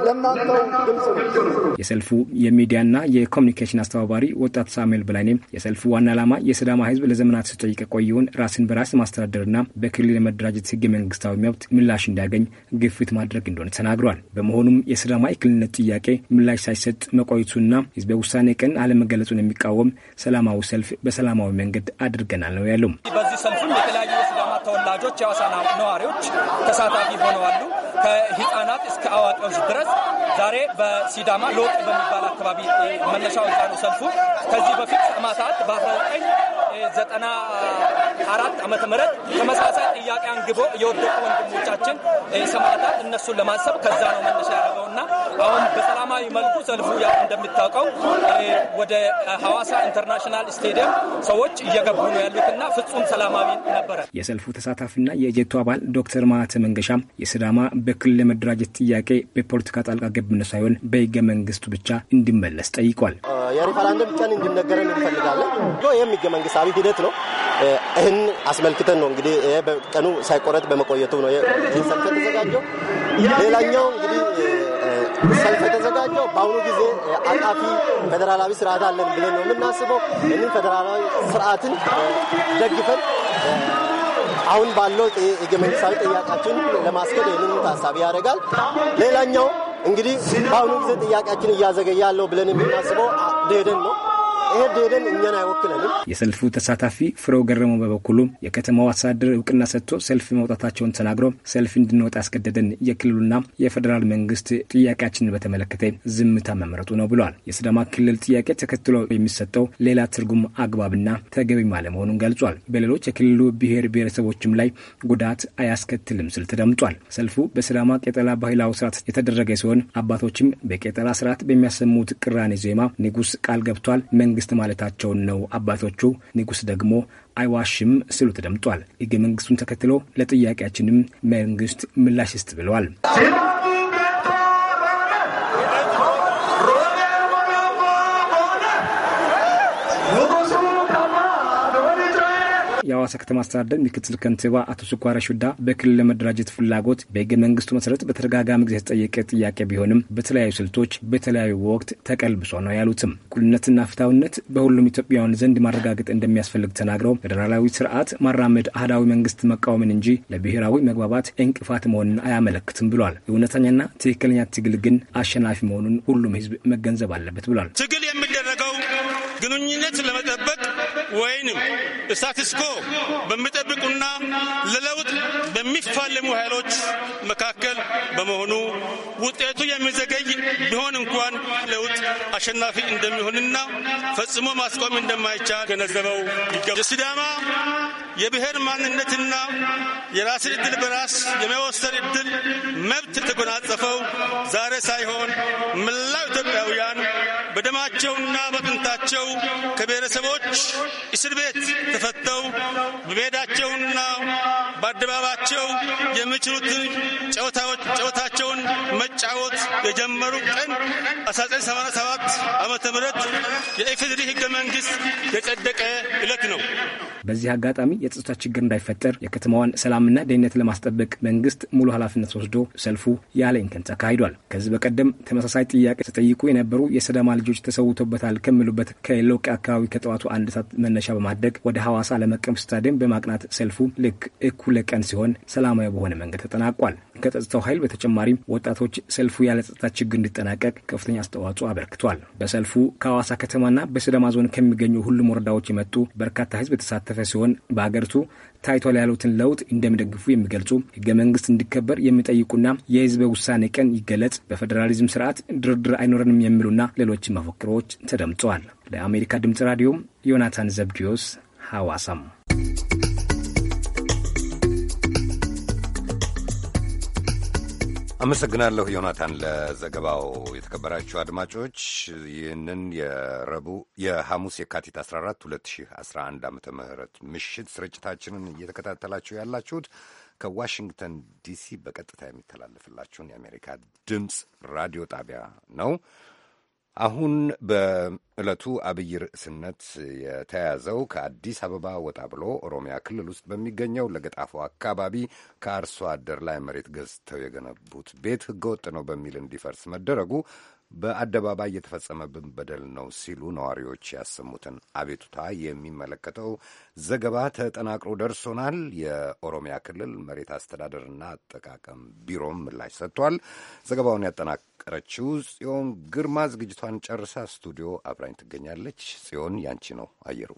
ለእናንተው ግልጽ ነው። የሰልፉ የሚዲያና የኮሚኒኬሽን አስተባባሪ ወጣት ሳሙኤል በላይኔም የሰልፉ ዋና ዓላማ የሲዳማ ህዝብ ለዘመናት ሲጠይቅ የቆየውን ራስን በራስ ማስተዳደርና በክልል የመደራጀት ህገ መንግስታዊ መብት ምላሽ እንዲያገኝ ግፊት ማድረግ እንደሆነ ተናግሯል። በመሆኑም የስራ ማዕከልነት ጥያቄ ምላሽ ሳይሰጥ መቆየቱና ህዝበ ውሳኔ ቀን አለመገለጹን የሚቃወም ሰላማዊ ሰልፍ በሰላማዊ መንገድ አድርገናል ነው ያለው። በዚህ ሰልፍም የተለያዩ የሲዳማ ተወላጆች የአዋሳ ነዋሪዎች ተሳታፊ ሆነዋሉ። ከህፃናት እስከ አዋቂዎች ድረስ ዛሬ በሲዳማ ሎጥ በሚባል አካባቢ መነሻው እዛ ሰልፉ ከዚህ በፊት ሰማታት በ1990 አራት ዓመተ ምህረት ተመሳሳይ ጥያቄ አንግቦ የወደቁ ወንድሞቻችን ሰማዕታት እነሱን ለማሰብ ከዛ ነው መነሻ ያደረገውና አሁን በሰላማዊ መልኩ ሰልፉ ያው እንደምታውቀው ወደ ሐዋሳ ኢንተርናሽናል ስቴዲየም ሰዎች እየገቡ ነው ያሉትና ፍጹም ሰላማዊ ነበረ። የሰልፉ ተሳታፊና የጀቱ አባል ዶክተር ማተ መንገሻም የስዳማ በክልል ለመደራጀት ጥያቄ በፖለቲካ ጣልቃ ገብነት ሳይሆን በህገ መንግስቱ ብቻ እንዲመለስ ጠይቋል። የሪፈራንደም ቀን እንዲነገረን እንፈልጋለን። ይህም ህገ መንግስታዊ ሂደት ነው። ይህን አስመልክተን ነው እንግዲህ ቀኑ ሳይቆረጥ በመቆየቱ ነው ይህ ሰልፍ የተዘጋጀው። ሌላኛው እንግዲህ ሰልፍ የተዘጋጀው በአሁኑ ጊዜ አቃፊ ፌዴራላዊ ስርዓት አለን ብለን ነው የምናስበው። ይህንን ፌዴራላዊ ስርዓትን ደግፈን አሁን ባለው ህገ መንግስታዊ ጥያቄያችን ለማስከል ይህንን ታሳቢ ያደርጋል። ሌላኛው እንግዲህ በአሁኑ ጊዜ ጥያቄያችን እያዘገየ ያለው ብለን የምናስበው ደደን ነው ይሄ ደደን እኛን አይወክለንም። የሰልፉ ተሳታፊ ፍሬው ገረመው በበኩሉ የከተማው አስተዳደር እውቅና ሰጥቶ ሰልፍ መውጣታቸውን ተናግሮ ሰልፍ እንድንወጣ ያስገደደን የክልሉና የፌዴራል መንግስት ጥያቄያችንን በተመለከተ ዝምታ መምረጡ ነው ብሏል። የስዳማ ክልል ጥያቄ ተከትሎ የሚሰጠው ሌላ ትርጉም አግባብና ተገቢም አለመሆኑን ገልጿል። በሌሎች የክልሉ ብሔር ብሔረሰቦችም ላይ ጉዳት አያስከትልም ስል ተደምጧል። ሰልፉ በስዳማ ቄጠላ ባህላዊ ስርዓት የተደረገ ሲሆን አባቶችም በቄጠላ ስርዓት በሚያሰሙት ቅራኔ ዜማ ንጉስ ቃል ገብቷል መንግስት መንግስት ማለታቸውን ነው አባቶቹ። ንጉስ ደግሞ አይዋሽም ሲሉ ተደምጧል። ህገ መንግስቱን ተከትሎ ለጥያቄያችንም መንግስት ምላሽ ይስጥ ብለዋል። የአዋሳ ከተማ አስተዳደር ምክትል ከንቲባ አቶ ስኳራ ሹዳ በክልል ለመደራጀት ፍላጎት በህገ መንግስቱ መሰረት በተደጋጋሚ ጊዜ የተጠየቀ ጥያቄ ቢሆንም በተለያዩ ስልቶች በተለያዩ ወቅት ተቀልብሶ ነው ያሉትም እኩልነትና ፍትሐዊነት በሁሉም ኢትዮጵያውያን ዘንድ ማረጋገጥ እንደሚያስፈልግ ተናግረው ፌዴራላዊ ስርዓት ማራመድ አህዳዊ መንግስት መቃወምን እንጂ ለብሔራዊ መግባባት እንቅፋት መሆንን አያመለክትም ብሏል። እውነተኛና ትክክለኛ ትግል ግን አሸናፊ መሆኑን ሁሉም ህዝብ መገንዘብ አለበት ብሏል። ትግል የሚደረገው ግንኙነት ለመጠበቅ ወይንም ስታትስኮ በሚጠብቁና ለለውጥ በሚፋለሙ ኃይሎች መካከል በመሆኑ ውጤቱ የሚዘገይ ቢሆን እንኳን ለውጥ አሸናፊ እንደሚሆንና ፈጽሞ ማስቆም እንደማይቻል ገነዘበው ይገባል። የሲዳማ የብሔር ማንነትና የራስን እድል በራስ የመወሰን እድል መብት የተጎናጸፈው ዛሬ ሳይሆን መላው ኢትዮጵያውያን በደማቸውና በጥንታቸው ተፈተው ከብሔረሰቦች እስር ቤት ተፈተው በሜዳቸውና በአደባባቸው የሚችሉትን ጨዋታቸውን መጫወት የጀመሩ ቀን 1987 ዓመተ ምህረት የኢፌዴሪ ህገ መንግስት የጸደቀ ዕለት ነው። በዚህ አጋጣሚ የጸጥታ ችግር እንዳይፈጠር የከተማዋን ሰላምና ደህንነት ለማስጠበቅ መንግስት ሙሉ ኃላፊነት ወስዶ ሰልፉ ያለ እንከን ተካሂዷል። ከዚህ በቀደም ተመሳሳይ ጥያቄ ተጠይቁ የነበሩ የሰዳማ ልጆች ተሰውቶበታል ከሚሉበት ከ ከሎቄ አካባቢ ከጠዋቱ አንድ ሰዓት መነሻ በማድረግ ወደ ሐዋሳ ዓለም አቀፍ ስታዲየም በማቅናት ሰልፉ ልክ እኩለ ቀን ሲሆን ሰላማዊ በሆነ መንገድ ተጠናቋል። ከጸጥታው ኃይል በተጨማሪም ወጣቶች ሰልፉ ያለ ጸጥታ ችግር እንዲጠናቀቅ ከፍተኛ አስተዋጽኦ አበርክቷል። በሰልፉ ከሐዋሳ ከተማና በሲዳማ ዞን ከሚገኙ ሁሉም ወረዳዎች የመጡ በርካታ ህዝብ የተሳተፈ ሲሆን በአገሪቱ ታይቷል ያሉትን ለውጥ እንደሚደግፉ የሚገልጹ ህገ መንግስት እንዲከበር የሚጠይቁና የህዝበ ውሳኔ ቀን ይገለጽ፣ በፌዴራሊዝም ስርዓት ድርድር አይኖረንም የሚሉና ሌሎች መፈክሮች ተደምጠዋል። ለአሜሪካ ድምጽ ራዲዮ ዮናታን ዘብድዮስ ሐዋሳም አመሰግናለሁ ዮናታን ለዘገባው። የተከበራችሁ አድማጮች ይህንን የረቡዕ የሐሙስ የካቲት 14 2011 ዓ ም ምሽት ስርጭታችንን እየተከታተላችሁ ያላችሁት ከዋሽንግተን ዲሲ በቀጥታ የሚተላለፍላችሁን የአሜሪካ ድምፅ ራዲዮ ጣቢያ ነው። አሁን በዕለቱ አብይ ርዕስነት የተያዘው ከአዲስ አበባ ወጣ ብሎ ኦሮሚያ ክልል ውስጥ በሚገኘው ለገጣፎ አካባቢ ከአርሶ አደር ላይ መሬት ገዝተው የገነቡት ቤት ሕገወጥ ነው በሚል እንዲፈርስ መደረጉ በአደባባይ የተፈጸመብን በደል ነው ሲሉ ነዋሪዎች ያሰሙትን አቤቱታ የሚመለከተው ዘገባ ተጠናቅሮ ደርሶናል። የኦሮሚያ ክልል መሬት አስተዳደርና አጠቃቀም ቢሮም ምላሽ ሰጥቷል። ዘገባውን ያጠናቀረችው ጽዮን ግርማ ዝግጅቷን ጨርሳ ስቱዲዮ አብራኝ ትገኛለች። ጽዮን፣ ያንቺ ነው አየሩ።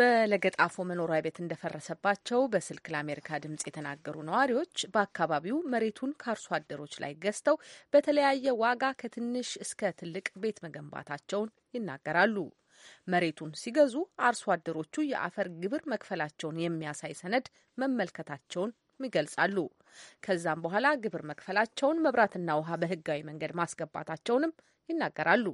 በለገጣፎ መኖሪያ ቤት እንደፈረሰባቸው በስልክ ለአሜሪካ ድምጽ የተናገሩ ነዋሪዎች በአካባቢው መሬቱን ከአርሶ አደሮች ላይ ገዝተው በተለያየ ዋጋ ከትንሽ እስከ ትልቅ ቤት መገንባታቸውን ይናገራሉ። መሬቱን ሲገዙ አርሶ አደሮቹ የአፈር ግብር መክፈላቸውን የሚያሳይ ሰነድ መመልከታቸውን ይገልጻሉ። ከዛም በኋላ ግብር መክፈላቸውን፣ መብራትና ውሃ በህጋዊ መንገድ ማስገባታቸውንም ይናገራሉ።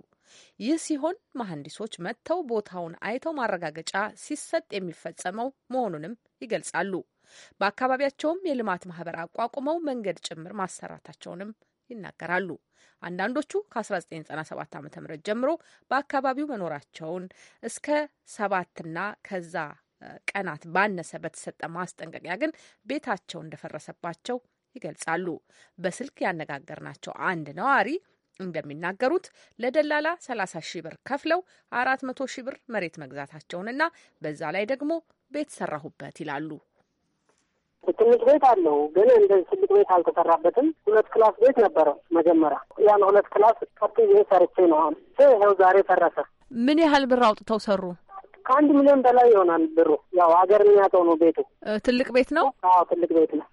ይህ ሲሆን መሐንዲሶች መጥተው ቦታውን አይተው ማረጋገጫ ሲሰጥ የሚፈጸመው መሆኑንም ይገልጻሉ። በአካባቢያቸውም የልማት ማህበር አቋቁመው መንገድ ጭምር ማሰራታቸውንም ይናገራሉ። አንዳንዶቹ ከ1997 ዓ ም ጀምሮ በአካባቢው መኖራቸውን እስከ ሰባትና ከዛ ቀናት ባነሰ በተሰጠ ማስጠንቀቂያ ግን ቤታቸው እንደፈረሰባቸው ይገልጻሉ። በስልክ ያነጋገርናቸው አንድ ነዋሪ እንደሚናገሩት ለደላላ 30 ሺህ ብር ከፍለው 400 ሺህ ብር መሬት መግዛታቸውንና በዛ ላይ ደግሞ ቤት ሰራሁበት ይላሉ። ትንሽ ቤት አለው ግን እንደ ትልቅ ቤት አልተሰራበትም። ሁለት ክላስ ቤት ነበረ መጀመሪያ። ያን ሁለት ክላስ ቀጥ ሰርቼ ነው አሁን ይኸው ዛሬ ፈረሰ። ምን ያህል ብር አውጥተው ሰሩ? ከአንድ ሚሊዮን በላይ ይሆናል ብሩ። ያው ሀገር የሚያውቀው ነው ቤቱ። ትልቅ ቤት ነው። አዎ ትልቅ ቤት ነው።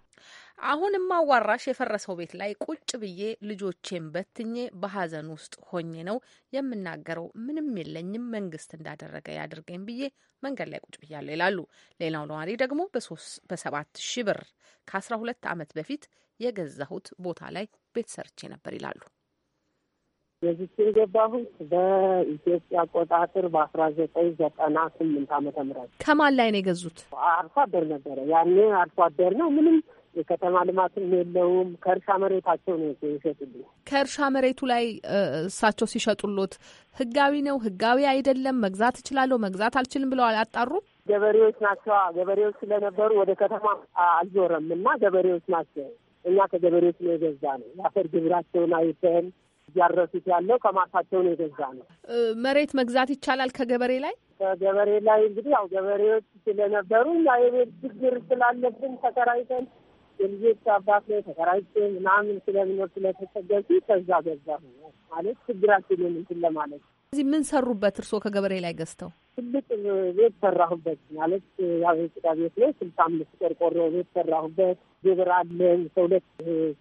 አሁንም አዋራሽ የፈረሰው ቤት ላይ ቁጭ ብዬ ልጆቼን በትኜ በሀዘን ውስጥ ሆኜ ነው የምናገረው። ምንም የለኝም፣ መንግስት እንዳደረገ ያድርገኝ ብዬ መንገድ ላይ ቁጭ ብያለሁ ይላሉ። ሌላው ነዋሪ ደግሞ በሰባት ሺ ብር ከአስራ ሁለት ዓመት በፊት የገዛሁት ቦታ ላይ ቤት ሰርቼ ነበር ይላሉ። የዚች የገባሁት በኢትዮጵያ አቆጣጠር በአስራ ዘጠኝ ዘጠና ስምንት አመተ ምህረት ከማን ላይ ነው የገዙት? አርሶ አደር ነበረ ያኔ። አርሶ አደር ነው ምንም የከተማ ልማትም የለውም። ከእርሻ መሬታቸው ነው ይሸጡልኝ። ከእርሻ መሬቱ ላይ እሳቸው ሲሸጡሎት ህጋዊ ነው ህጋዊ አይደለም፣ መግዛት እችላለሁ መግዛት አልችልም ብለው አያጣሩም። ገበሬዎች ናቸው። ገበሬዎች ስለነበሩ ወደ ከተማ አልዞረም እና ገበሬዎች ናቸው። እኛ ከገበሬዎች ነው የገዛ ነው። የአፈር ግብራቸውን አይተን እያረሱት ያለው ከማሳቸው ነው የገዛ ነው። መሬት መግዛት ይቻላል ከገበሬ ላይ ከገበሬ ላይ እንግዲህ ያው ገበሬዎች ስለነበሩ የቤት ችግር ስላለብን ተከራይተን የልጆች አባት ላይ ተከራይቼ ምናምን ስለምኖር ስለተቸገርኩ ከዛ ገዛሁ ማለት ችግራችን የምንትን ለማለት እዚህ ምን ሰሩበት? እርስዎ ከገበሬ ላይ ገዝተው ትልቅ ቤት ሰራሁበት ማለት ያው ጭቃ ቤት ነው። ስልሳ አምስት ቆርቆሮ ቤት ሰራሁበት። ግብር አለኝ ከሁለት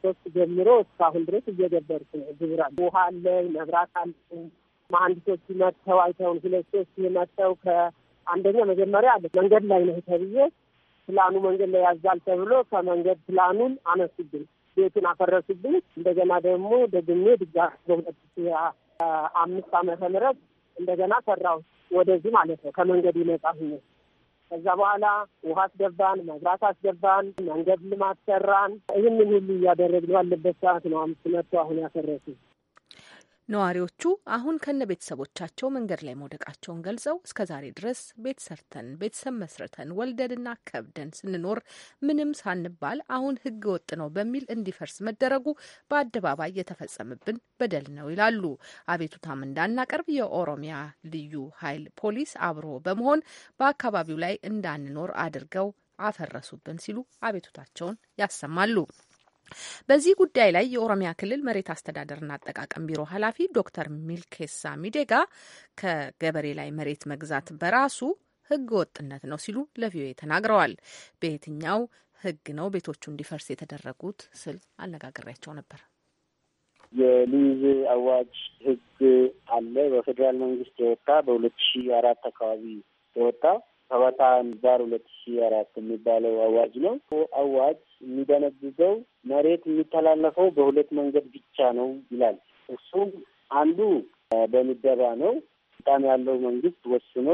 ሶስት ጀምሮ እስካሁን ድረስ እየገበርኩ ነው። ግብር አለ፣ ውሃ አለኝ፣ መብራት አለኝ። መሀንዲሶች መጥተው አይተውን ሁለት ሶስት መጥተው ከአንደኛ መጀመሪያ አለ መንገድ ላይ ነው ተብዬ ፕላኑ መንገድ ላይ ያዛል ተብሎ ከመንገድ ፕላኑን አነሱብን፣ ቤቱን አፈረሱብን። እንደገና ደግሞ ደግሜ ድጋ በሁለት አምስት ዓመተ ምህረት እንደገና ሰራው ወደዚህ ማለት ነው ከመንገድ ይመጣ ሁኘ ከዛ በኋላ ውሃ አስገባን፣ መብራት አስገባን፣ መንገድ ልማት ሰራን። ይህንን ሁሉ እያደረግን ባለበት ሰዓት ነው አምስት መቶ አሁን ያፈረሱ ነዋሪዎቹ አሁን ከነ ቤተሰቦቻቸው መንገድ ላይ መውደቃቸውን ገልጸው እስከ ዛሬ ድረስ ቤት ሰርተን ቤተሰብ መስርተን ወልደንና ከብደን ስንኖር ምንም ሳንባል አሁን ሕገ ወጥ ነው በሚል እንዲፈርስ መደረጉ በአደባባይ የተፈጸመብን በደል ነው ይላሉ። አቤቱታም እንዳናቀርብ የኦሮሚያ ልዩ ኃይል ፖሊስ አብሮ በመሆን በአካባቢው ላይ እንዳንኖር አድርገው አፈረሱብን ሲሉ አቤቱታቸውን ያሰማሉ። በዚህ ጉዳይ ላይ የኦሮሚያ ክልል መሬት አስተዳደርና አጠቃቀም ቢሮ ኃላፊ ዶክተር ሚልኬሳ ሚዴጋ ከገበሬ ላይ መሬት መግዛት በራሱ ህግ ወጥነት ነው ሲሉ ለቪኦኤ ተናግረዋል። በየትኛው ህግ ነው ቤቶቹ እንዲፈርስ የተደረጉት ስል አነጋግሬያቸው ነበር። የሊዝ አዋጅ ህግ አለ። በፌዴራል መንግስት የወጣ በሁለት ሺ አራት አካባቢ የወጣ ሰበታ ሚባል ሁለት ሺ አራት የሚባለው አዋጅ ነው። አዋጅ የሚደነግገው መሬት የሚተላለፈው በሁለት መንገድ ብቻ ነው ይላል። እሱም አንዱ በሚደባ ነው። ጣም ያለው መንግስት ወስኖ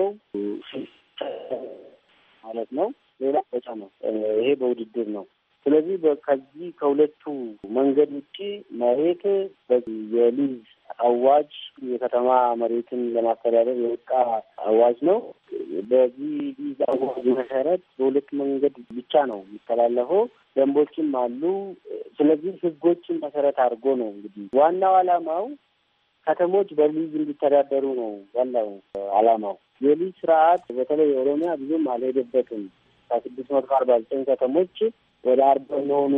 ማለት ነው። ሌላ በጫ ነው። ይሄ በውድድር ነው። ስለዚህ ከዚህ ከሁለቱ መንገድ ውጪ መሬት የሊዝ አዋጅ የከተማ መሬትን ለማስተዳደር የወጣ አዋጅ ነው። በዚህ አዋጅ መሰረት በሁለት መንገድ ብቻ ነው የሚተላለፈው። ደንቦችም አሉ። ስለዚህ ህጎችን መሰረት አድርጎ ነው እንግዲህ ዋናው አላማው ከተሞች በሊዝ እንዲተዳደሩ ነው ዋናው አላማው። የሊዝ ስርዓት በተለይ የኦሮሚያ ብዙም አልሄደበትም። ከስድስት መቶ አርባ ዘጠኝ ከተሞች ወደ አርባ የሆኑ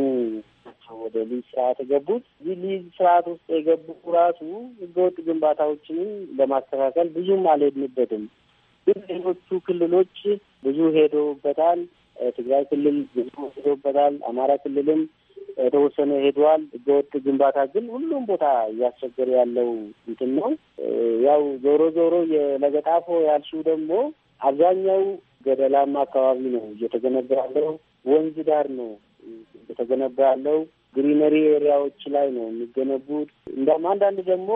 ናቸው ወደ ሊዝ ስርዓት የገቡት። እዚህ ሊዝ ስርዓት ውስጥ የገቡ ራሱ ህገወጥ ግንባታዎችንም ለማስተካከል ብዙም አልሄድንበትም። ግን ሌሎቹ ክልሎች ብዙ ሄደውበታል። ትግራይ ክልል ብዙ ሄደውበታል። አማራ ክልልም የተወሰነ ሄደዋል። ህገወጥ ግንባታ ግን ሁሉም ቦታ እያስቸገረ ያለው እንትን ነው። ያው ዞሮ ዞሮ የለገጣፎ ያልሺው ደግሞ አብዛኛው ገደላማ አካባቢ ነው እየተገነባ ያለው ወንዝ ዳር ነው እየተገነባ ያለው ግሪነሪ ኤሪያዎች ላይ ነው የሚገነቡት። እንደውም አንዳንድ ደግሞ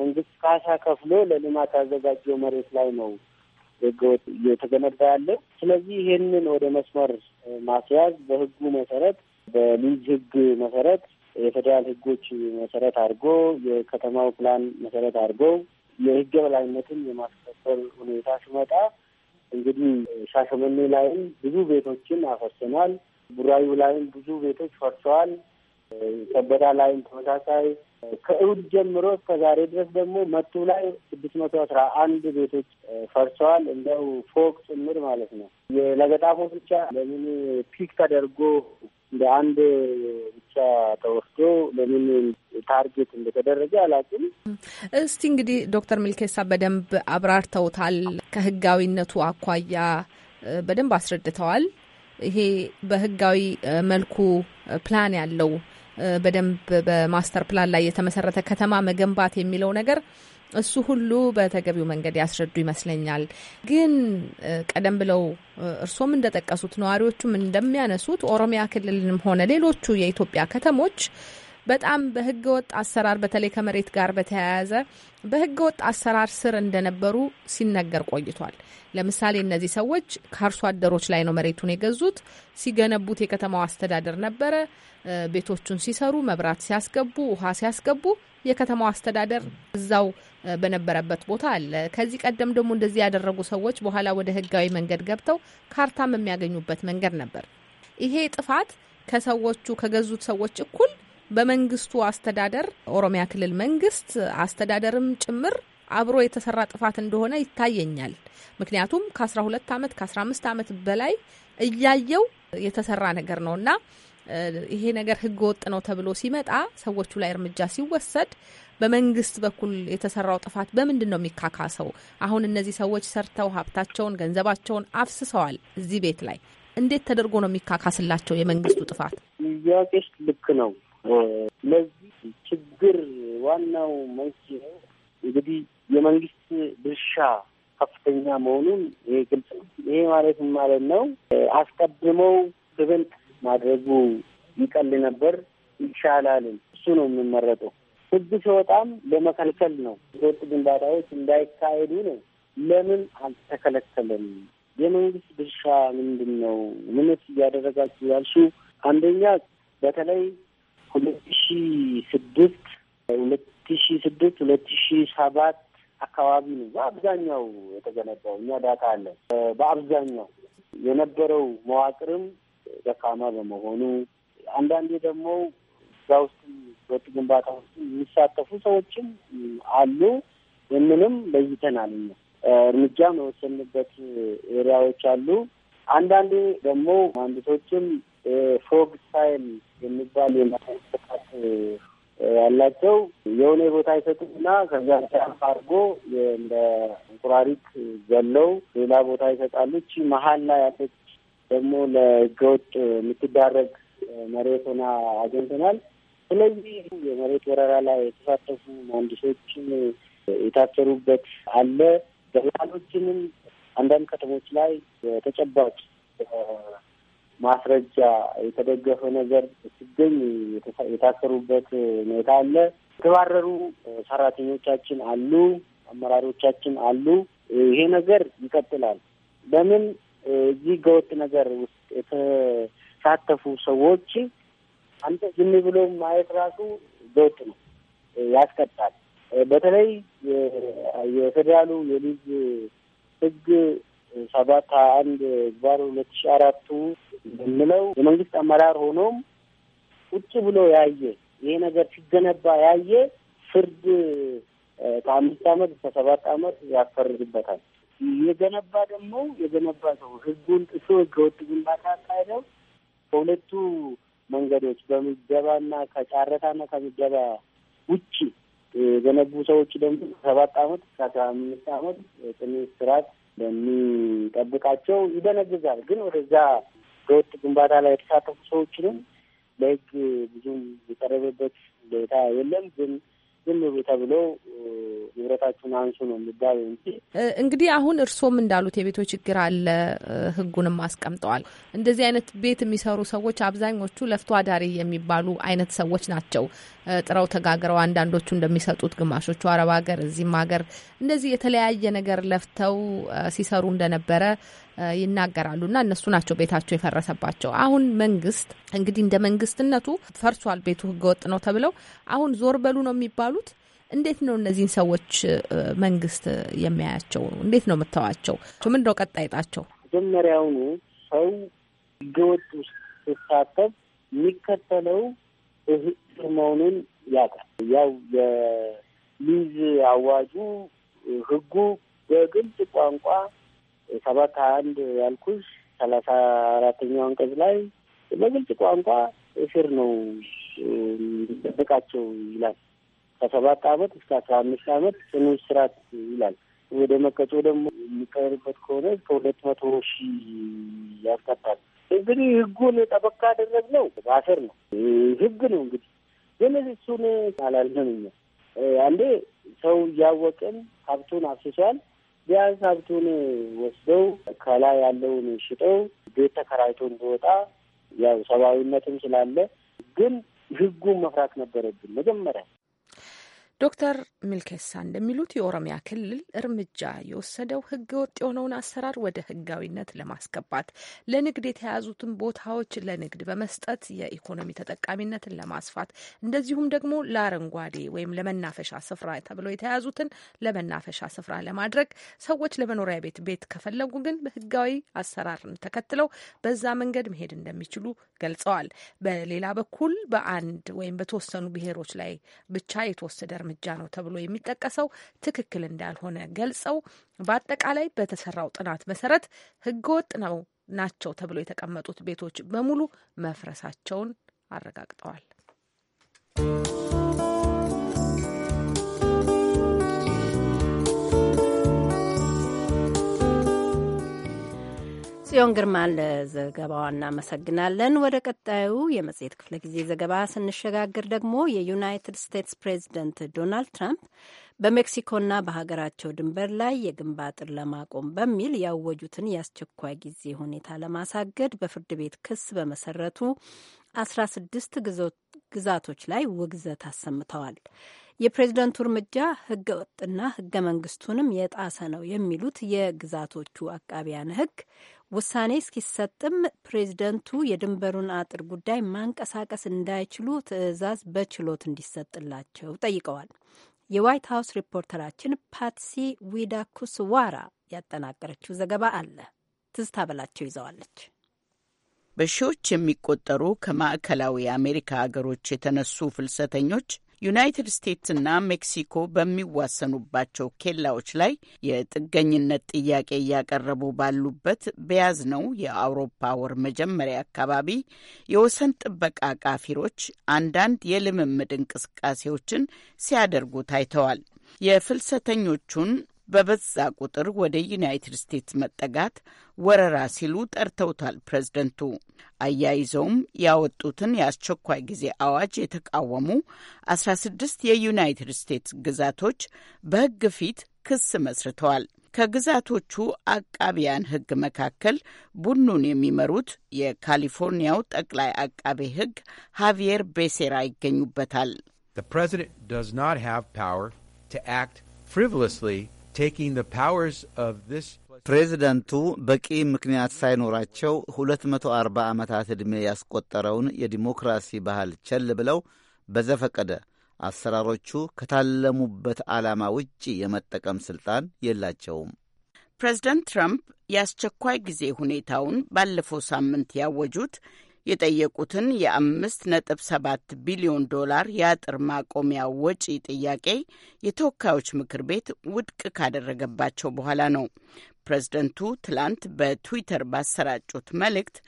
መንግስት ካሳ ከፍሎ ለልማት ያዘጋጀው መሬት ላይ ነው ህገወጥ እየተገነባ ያለው። ስለዚህ ይሄንን ወደ መስመር ማስያዝ በህጉ መሰረት በሊዝ ህግ መሰረት የፌዴራል ህጎች መሰረት አድርጎ የከተማው ፕላን መሰረት አድርጎ የህገ በላይነትን የማስከበር ሁኔታ ሲመጣ እንግዲህ ሻሸመኔ ላይም ብዙ ቤቶችን አፈርሰናል። ቡራዩ ላይም ብዙ ቤቶች ፈርሰዋል። ሰበታ ላይም ተመሳሳይ ከእሁድ ጀምሮ እስከ ዛሬ ድረስ ደግሞ መቱ ላይ ስድስት መቶ አስራ አንድ ቤቶች ፈርሰዋል። እንደው ፎቅ ጭምር ማለት ነው። የለገጣፎ ብቻ ለምን ፒክ ተደርጎ እንደ አንድ ብቻ ተወስዶ ለምን ታርጌት እንደተደረገ አላውቅም። እስቲ እንግዲህ ዶክተር ሚልኬሳ በደንብ አብራርተውታል። ከህጋዊነቱ አኳያ በደንብ አስረድተዋል። ይሄ በህጋዊ መልኩ ፕላን ያለው በደንብ በማስተር ፕላን ላይ የተመሰረተ ከተማ መገንባት የሚለው ነገር እሱ ሁሉ በተገቢው መንገድ ያስረዱ ይመስለኛል። ግን ቀደም ብለው እርሶም እንደጠቀሱት ነዋሪዎቹም እንደሚያነሱት ኦሮሚያ ክልልንም ሆነ ሌሎቹ የኢትዮጵያ ከተሞች በጣም በህገወጥ አሰራር በተለይ ከመሬት ጋር በተያያዘ በህገ ወጥ አሰራር ስር እንደነበሩ ሲነገር ቆይቷል። ለምሳሌ እነዚህ ሰዎች ከአርሶ አደሮች ላይ ነው መሬቱን የገዙት። ሲገነቡት የከተማው አስተዳደር ነበረ። ቤቶቹን ሲሰሩ፣ መብራት ሲያስገቡ፣ ውሃ ሲያስገቡ የከተማው አስተዳደር እዛው በነበረበት ቦታ አለ። ከዚህ ቀደም ደግሞ እንደዚህ ያደረጉ ሰዎች በኋላ ወደ ህጋዊ መንገድ ገብተው ካርታም የሚያገኙበት መንገድ ነበር። ይሄ ጥፋት ከሰዎቹ ከገዙት ሰዎች እኩል በመንግስቱ አስተዳደር ኦሮሚያ ክልል መንግስት አስተዳደርም ጭምር አብሮ የተሰራ ጥፋት እንደሆነ ይታየኛል። ምክንያቱም ከ12 ዓመት ከ15 ዓመት በላይ እያየው የተሰራ ነገር ነው እና ይሄ ነገር ህገ ወጥ ነው ተብሎ ሲመጣ ሰዎቹ ላይ እርምጃ ሲወሰድ በመንግስት በኩል የተሰራው ጥፋት በምንድን ነው የሚካካሰው? አሁን እነዚህ ሰዎች ሰርተው ሀብታቸውን፣ ገንዘባቸውን አፍስሰዋል እዚህ ቤት ላይ እንዴት ተደርጎ ነው የሚካካስላቸው የመንግስቱ ጥፋት? ጥያቄሽ ልክ ነው። ለዚህ ችግር ዋናው መንስኤ እንግዲህ የመንግስት ድርሻ ከፍተኛ መሆኑን ይሄ ግልጽ ነው። ይሄ ማለት ማለት ነው አስቀድመው ግብልቅ ማድረጉ ይቀል ነበር ይሻላልን እሱ ነው የምንመረጠው። ህግ ሲወጣም ለመከልከል ነው። ህገወጥ ግንባታዎች እንዳይካሄዱ ነው። ለምን አልተከለከለም? የመንግስት ድርሻ ምንድን ነው? ምንስ እያደረጋችሁ ያልሺው? አንደኛ በተለይ ሁለት ሺ ስድስት ሁለት ሺ ስድስት ሁለት ሺ ሰባት አካባቢ ነው በአብዛኛው የተገነባው። እኛ ዳታ አለ። በአብዛኛው የነበረው መዋቅርም ደካማ በመሆኑ አንዳንዴ ደግሞ እዛ ውስጥም በወጥ ግንባታ ውስጥ የሚሳተፉ ሰዎችም አሉ። ይህንንም ለይተናል። እርምጃ መወሰንበት ኤሪያዎች አሉ። አንዳንዴ ደግሞ አንድቶችም ፎግ ስታይል የሚባል የመጥቃት ያላቸው የሆነ ቦታ አይሰጡም እና ከዚያ ጫፍ አድርጎ እንደ እንቁራሪት ዘለው ሌላ ቦታ ይሰጣሉ። እቺ መሀል ላይ ያለች ደግሞ ለህገወጥ የምትዳረግ መሬት ሆና አገኝተናል። ስለዚህ የመሬት ወረራ ላይ የተሳተፉ መሀንዲሶችን የታሰሩበት አለ። ደላሎችንም አንዳንድ ከተሞች ላይ በተጨባጭ ማስረጃ የተደገፈ ነገር ሲገኝ የታሰሩበት ሁኔታ አለ። የተባረሩ ሰራተኞቻችን አሉ፣ አመራሮቻችን አሉ። ይሄ ነገር ይቀጥላል። ለምን እዚህ ህገወጥ ነገር ውስጥ የተሳተፉ ሰዎች አንተ ዝም ብሎ ማየት ራሱ ህገወጥ ነው፣ ያስቀጣል። በተለይ የፌዴራሉ የሊዝ ህግ ሰባት ሀያ አንድ ግባር ሁለት ሺ አራቱ የምለው የመንግስት አመራር ሆኖም ቁጭ ብሎ ያየ ይሄ ነገር ሲገነባ ያየ ፍርድ ከአምስት አመት እስከ ሰባት አመት ያፈርድበታል። የገነባ ደግሞ የገነባ ሰው ህጉን ጥሶ ህገወጥ ግንባታ አካሄደው ከሁለቱ መንገዶች በምደባና ከጨረታና ከምደባ ውጭ የገነቡ ሰዎች ደግሞ ከሰባት አመት እስከ አስራ አምስት አመት ጽኑ እስራት በሚጠብቃቸው ይደነግዛል። ግን ወደዛ በወጥ ግንባታ ላይ የተሳተፉ ሰዎችንም ለህግ ብዙም የቀረበበት ሁኔታ የለም ግን ዝም ተብለው ንብረታችሁን አንሱ ነው የሚባል እንጂ እንግዲህ አሁን እርስዎም እንዳሉት የቤቶች ችግር አለ፣ ህጉንም አስቀምጠዋል። እንደዚህ አይነት ቤት የሚሰሩ ሰዎች አብዛኞቹ ለፍቶ አዳሪ የሚባሉ አይነት ሰዎች ናቸው። ጥረው ተጋግረው አንዳንዶቹ እንደሚሰጡት፣ ግማሾቹ አረብ ሀገር፣ እዚህም ሀገር እንደዚህ የተለያየ ነገር ለፍተው ሲሰሩ እንደነበረ ይናገራሉ እና እነሱ ናቸው ቤታቸው የፈረሰባቸው። አሁን መንግስት እንግዲህ እንደ መንግስትነቱ ፈርሷል ቤቱ ህገወጥ ነው ተብለው አሁን ዞር በሉ ነው የሚባሉት። እንዴት ነው እነዚህን ሰዎች መንግስት የሚያያቸው? እንዴት ነው የምታዋቸው? ምን ነው ቀጣይ ጣቸው? መጀመሪያውኑ ሰው ህገወጥ ውስጥ ሲሳተፍ የሚከተለው መሆኑን ያውቃል። ያው የሊዝ አዋጁ ህጉ በግልጽ ቋንቋ ሰባት ሀያ አንድ ያልኩሽ ሰላሳ አራተኛው አንቀጽ ላይ በግልጽ ቋንቋ እስር ነው የሚጠበቃቸው ይላል። ከሰባት አመት እስከ አስራ አምስት አመት ጽኑ እስራት ይላል። ወደ መቀጮ ደግሞ የሚቀርበት ከሆነ ከሁለት መቶ ሺህ ያስቀጣል። እንግዲህ ህጉን ጠበቃ ያደረግ ነው ማሰር ነው ህግ ነው እንግዲህ ግን እሱን አላልንም እኛ አንዴ ሰው እያወቅን ሀብቱን አፍስሷል ቢያንስ ሀብቱን ወስደው ከላይ ያለውን ሽጠው ቤት ተከራይቶ እንዲወጣ ያው ሰብአዊነትም ስላለ ግን ህጉን መፍራት ነበረብን መጀመሪያ ዶክተር ሚልኬሳ እንደሚሉት የኦሮሚያ ክልል እርምጃ የወሰደው ህገ ወጥ የሆነውን አሰራር ወደ ህጋዊነት ለማስገባት ለንግድ የተያዙትን ቦታዎች ለንግድ በመስጠት የኢኮኖሚ ተጠቃሚነትን ለማስፋት እንደዚሁም ደግሞ ለአረንጓዴ ወይም ለመናፈሻ ስፍራ ተብለው የተያዙትን ለመናፈሻ ስፍራ ለማድረግ ሰዎች ለመኖሪያ ቤት ቤት ከፈለጉ ግን ህጋዊ አሰራርን ተከትለው በዛ መንገድ መሄድ እንደሚችሉ ገልጸዋል። በሌላ በኩል በአንድ ወይም በተወሰኑ ብሔሮች ላይ ብቻ የተወሰደ እርምጃ ነው ተብሎ የሚጠቀሰው ትክክል እንዳልሆነ ገልጸው በአጠቃላይ በተሰራው ጥናት መሰረት ህገወጥ ነው ናቸው ተብሎ የተቀመጡት ቤቶች በሙሉ መፍረሳቸውን አረጋግጠዋል። ጽዮን ግርማን ለዘገባዋ እናመሰግናለን። ወደ ቀጣዩ የመጽሔት ክፍለ ጊዜ ዘገባ ስንሸጋግር ደግሞ የዩናይትድ ስቴትስ ፕሬዚደንት ዶናልድ ትራምፕ በሜክሲኮና በሀገራቸው ድንበር ላይ የግንብ አጥር ለማቆም በሚል ያወጁትን የአስቸኳይ ጊዜ ሁኔታ ለማሳገድ በፍርድ ቤት ክስ በመሰረቱ አስራ ስድስት ግዛቶች ላይ ውግዘት አሰምተዋል። የፕሬዝደንቱ እርምጃ ህገ ወጥና ህገ መንግስቱንም የጣሰ ነው የሚሉት የግዛቶቹ አቃቢያን ህግ ውሳኔ እስኪሰጥም ፕሬዝደንቱ የድንበሩን አጥር ጉዳይ ማንቀሳቀስ እንዳይችሉ ትዕዛዝ በችሎት እንዲሰጥላቸው ጠይቀዋል። የዋይት ሀውስ ሪፖርተራችን ፓትሲ ዊዳኩስዋራ ያጠናቀረችው ዘገባ አለ። ትዝታ በላቸው ይዘዋለች። በሺዎች የሚቆጠሩ ከማዕከላዊ አሜሪካ አገሮች የተነሱ ፍልሰተኞች ዩናይትድ ስቴትስና ሜክሲኮ በሚዋሰኑባቸው ኬላዎች ላይ የጥገኝነት ጥያቄ እያቀረቡ ባሉበት በያዝነው የአውሮፓ ወር መጀመሪያ አካባቢ የወሰን ጥበቃ ቃፊሮች አንዳንድ የልምምድ እንቅስቃሴዎችን ሲያደርጉ ታይተዋል። የፍልሰተኞቹን በበዛ ቁጥር ወደ ዩናይትድ ስቴትስ መጠጋት ወረራ ሲሉ ጠርተውታል ፕሬዝደንቱ። አያይዘውም ያወጡትን የአስቸኳይ ጊዜ አዋጅ የተቃወሙ 16 የዩናይትድ ስቴትስ ግዛቶች በሕግ ፊት ክስ መስርተዋል። ከግዛቶቹ አቃቢያን ሕግ መካከል ቡድኑን የሚመሩት የካሊፎርኒያው ጠቅላይ አቃቤ ሕግ ሃቪየር ቤሴራ ይገኙበታል። The president does not ፕሬዚደንቱ በቂ ምክንያት ሳይኖራቸው 240 ዓመታት ዕድሜ ያስቆጠረውን የዲሞክራሲ ባህል ቸል ብለው በዘፈቀደ አሰራሮቹ ከታለሙበት ዓላማ ውጪ የመጠቀም ሥልጣን የላቸውም። ፕሬዚደንት ትራምፕ የአስቸኳይ ጊዜ ሁኔታውን ባለፈው ሳምንት ያወጁት የጠየቁትን የአምስት ነጥብ ሰባት ቢሊዮን ዶላር የአጥር ማቆሚያ ወጪ ጥያቄ የተወካዮች ምክር ቤት ውድቅ ካደረገባቸው በኋላ ነው። ፕሬዝደንቱ ትላንት በትዊተር ባሰራጩት መልእክት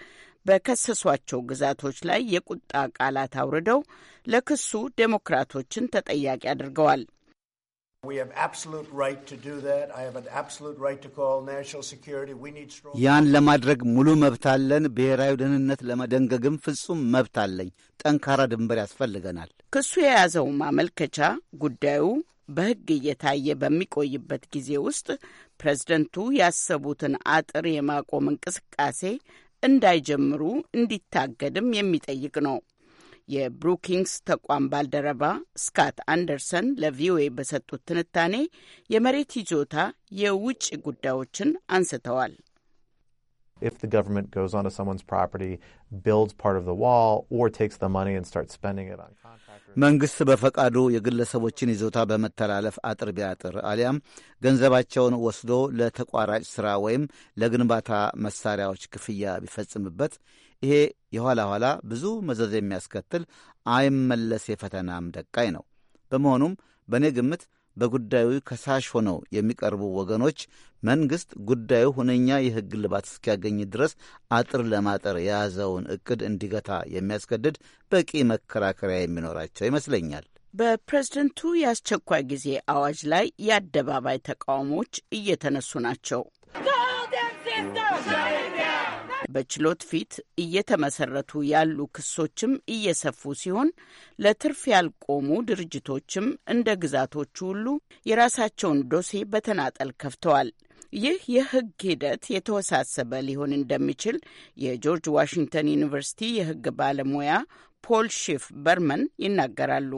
በከሰሷቸው ግዛቶች ላይ የቁጣ ቃላት አውርደው ለክሱ ዴሞክራቶችን ተጠያቂ አድርገዋል። ያን ለማድረግ ሙሉ መብት አለን። ብሔራዊ ደህንነት ለመደንገግም ፍጹም መብት አለኝ። ጠንካራ ድንበር ያስፈልገናል። ክሱ የያዘው ማመልከቻ ጉዳዩ በሕግ እየታየ በሚቆይበት ጊዜ ውስጥ ፕሬዝደንቱ ያሰቡትን አጥር የማቆም እንቅስቃሴ እንዳይጀምሩ እንዲታገድም የሚጠይቅ ነው። የብሩኪንግስ ተቋም ባልደረባ ስካት አንደርሰን ለቪኦኤ በሰጡት ትንታኔ የመሬት ይዞታ የውጭ ጉዳዮችን አንስተዋል። if the government goes onto someone's property, builds part of the wall, or takes the money and starts spending it on መንግሥት በፈቃዱ የግለሰቦችን ይዞታ በመተላለፍ አጥር ቢያጥር አሊያም ገንዘባቸውን ወስዶ ለተቋራጭ ሥራ ወይም ለግንባታ መሣሪያዎች ክፍያ ቢፈጽምበት ይሄ የኋላ ኋላ ብዙ መዘዝ የሚያስከትል አይመለስ የፈተናም ደቃይ ነው። በመሆኑም በእኔ ግምት በጉዳዩ ከሳሽ ሆነው የሚቀርቡ ወገኖች መንግሥት ጉዳዩ ሁነኛ የሕግ ልባት እስኪያገኝ ድረስ አጥር ለማጠር የያዘውን እቅድ እንዲገታ የሚያስገድድ በቂ መከራከሪያ የሚኖራቸው ይመስለኛል። በፕሬዝደንቱ የአስቸኳይ ጊዜ አዋጅ ላይ የአደባባይ ተቃውሞዎች እየተነሱ ናቸው። በችሎት ፊት እየተመሰረቱ ያሉ ክሶችም እየሰፉ ሲሆን ለትርፍ ያልቆሙ ድርጅቶችም እንደ ግዛቶቹ ሁሉ የራሳቸውን ዶሴ በተናጠል ከፍተዋል። ይህ የሕግ ሂደት የተወሳሰበ ሊሆን እንደሚችል የጆርጅ ዋሽንግተን ዩኒቨርሲቲ የሕግ ባለሙያ ፖል ሺፍ በርመን ይናገራሉ።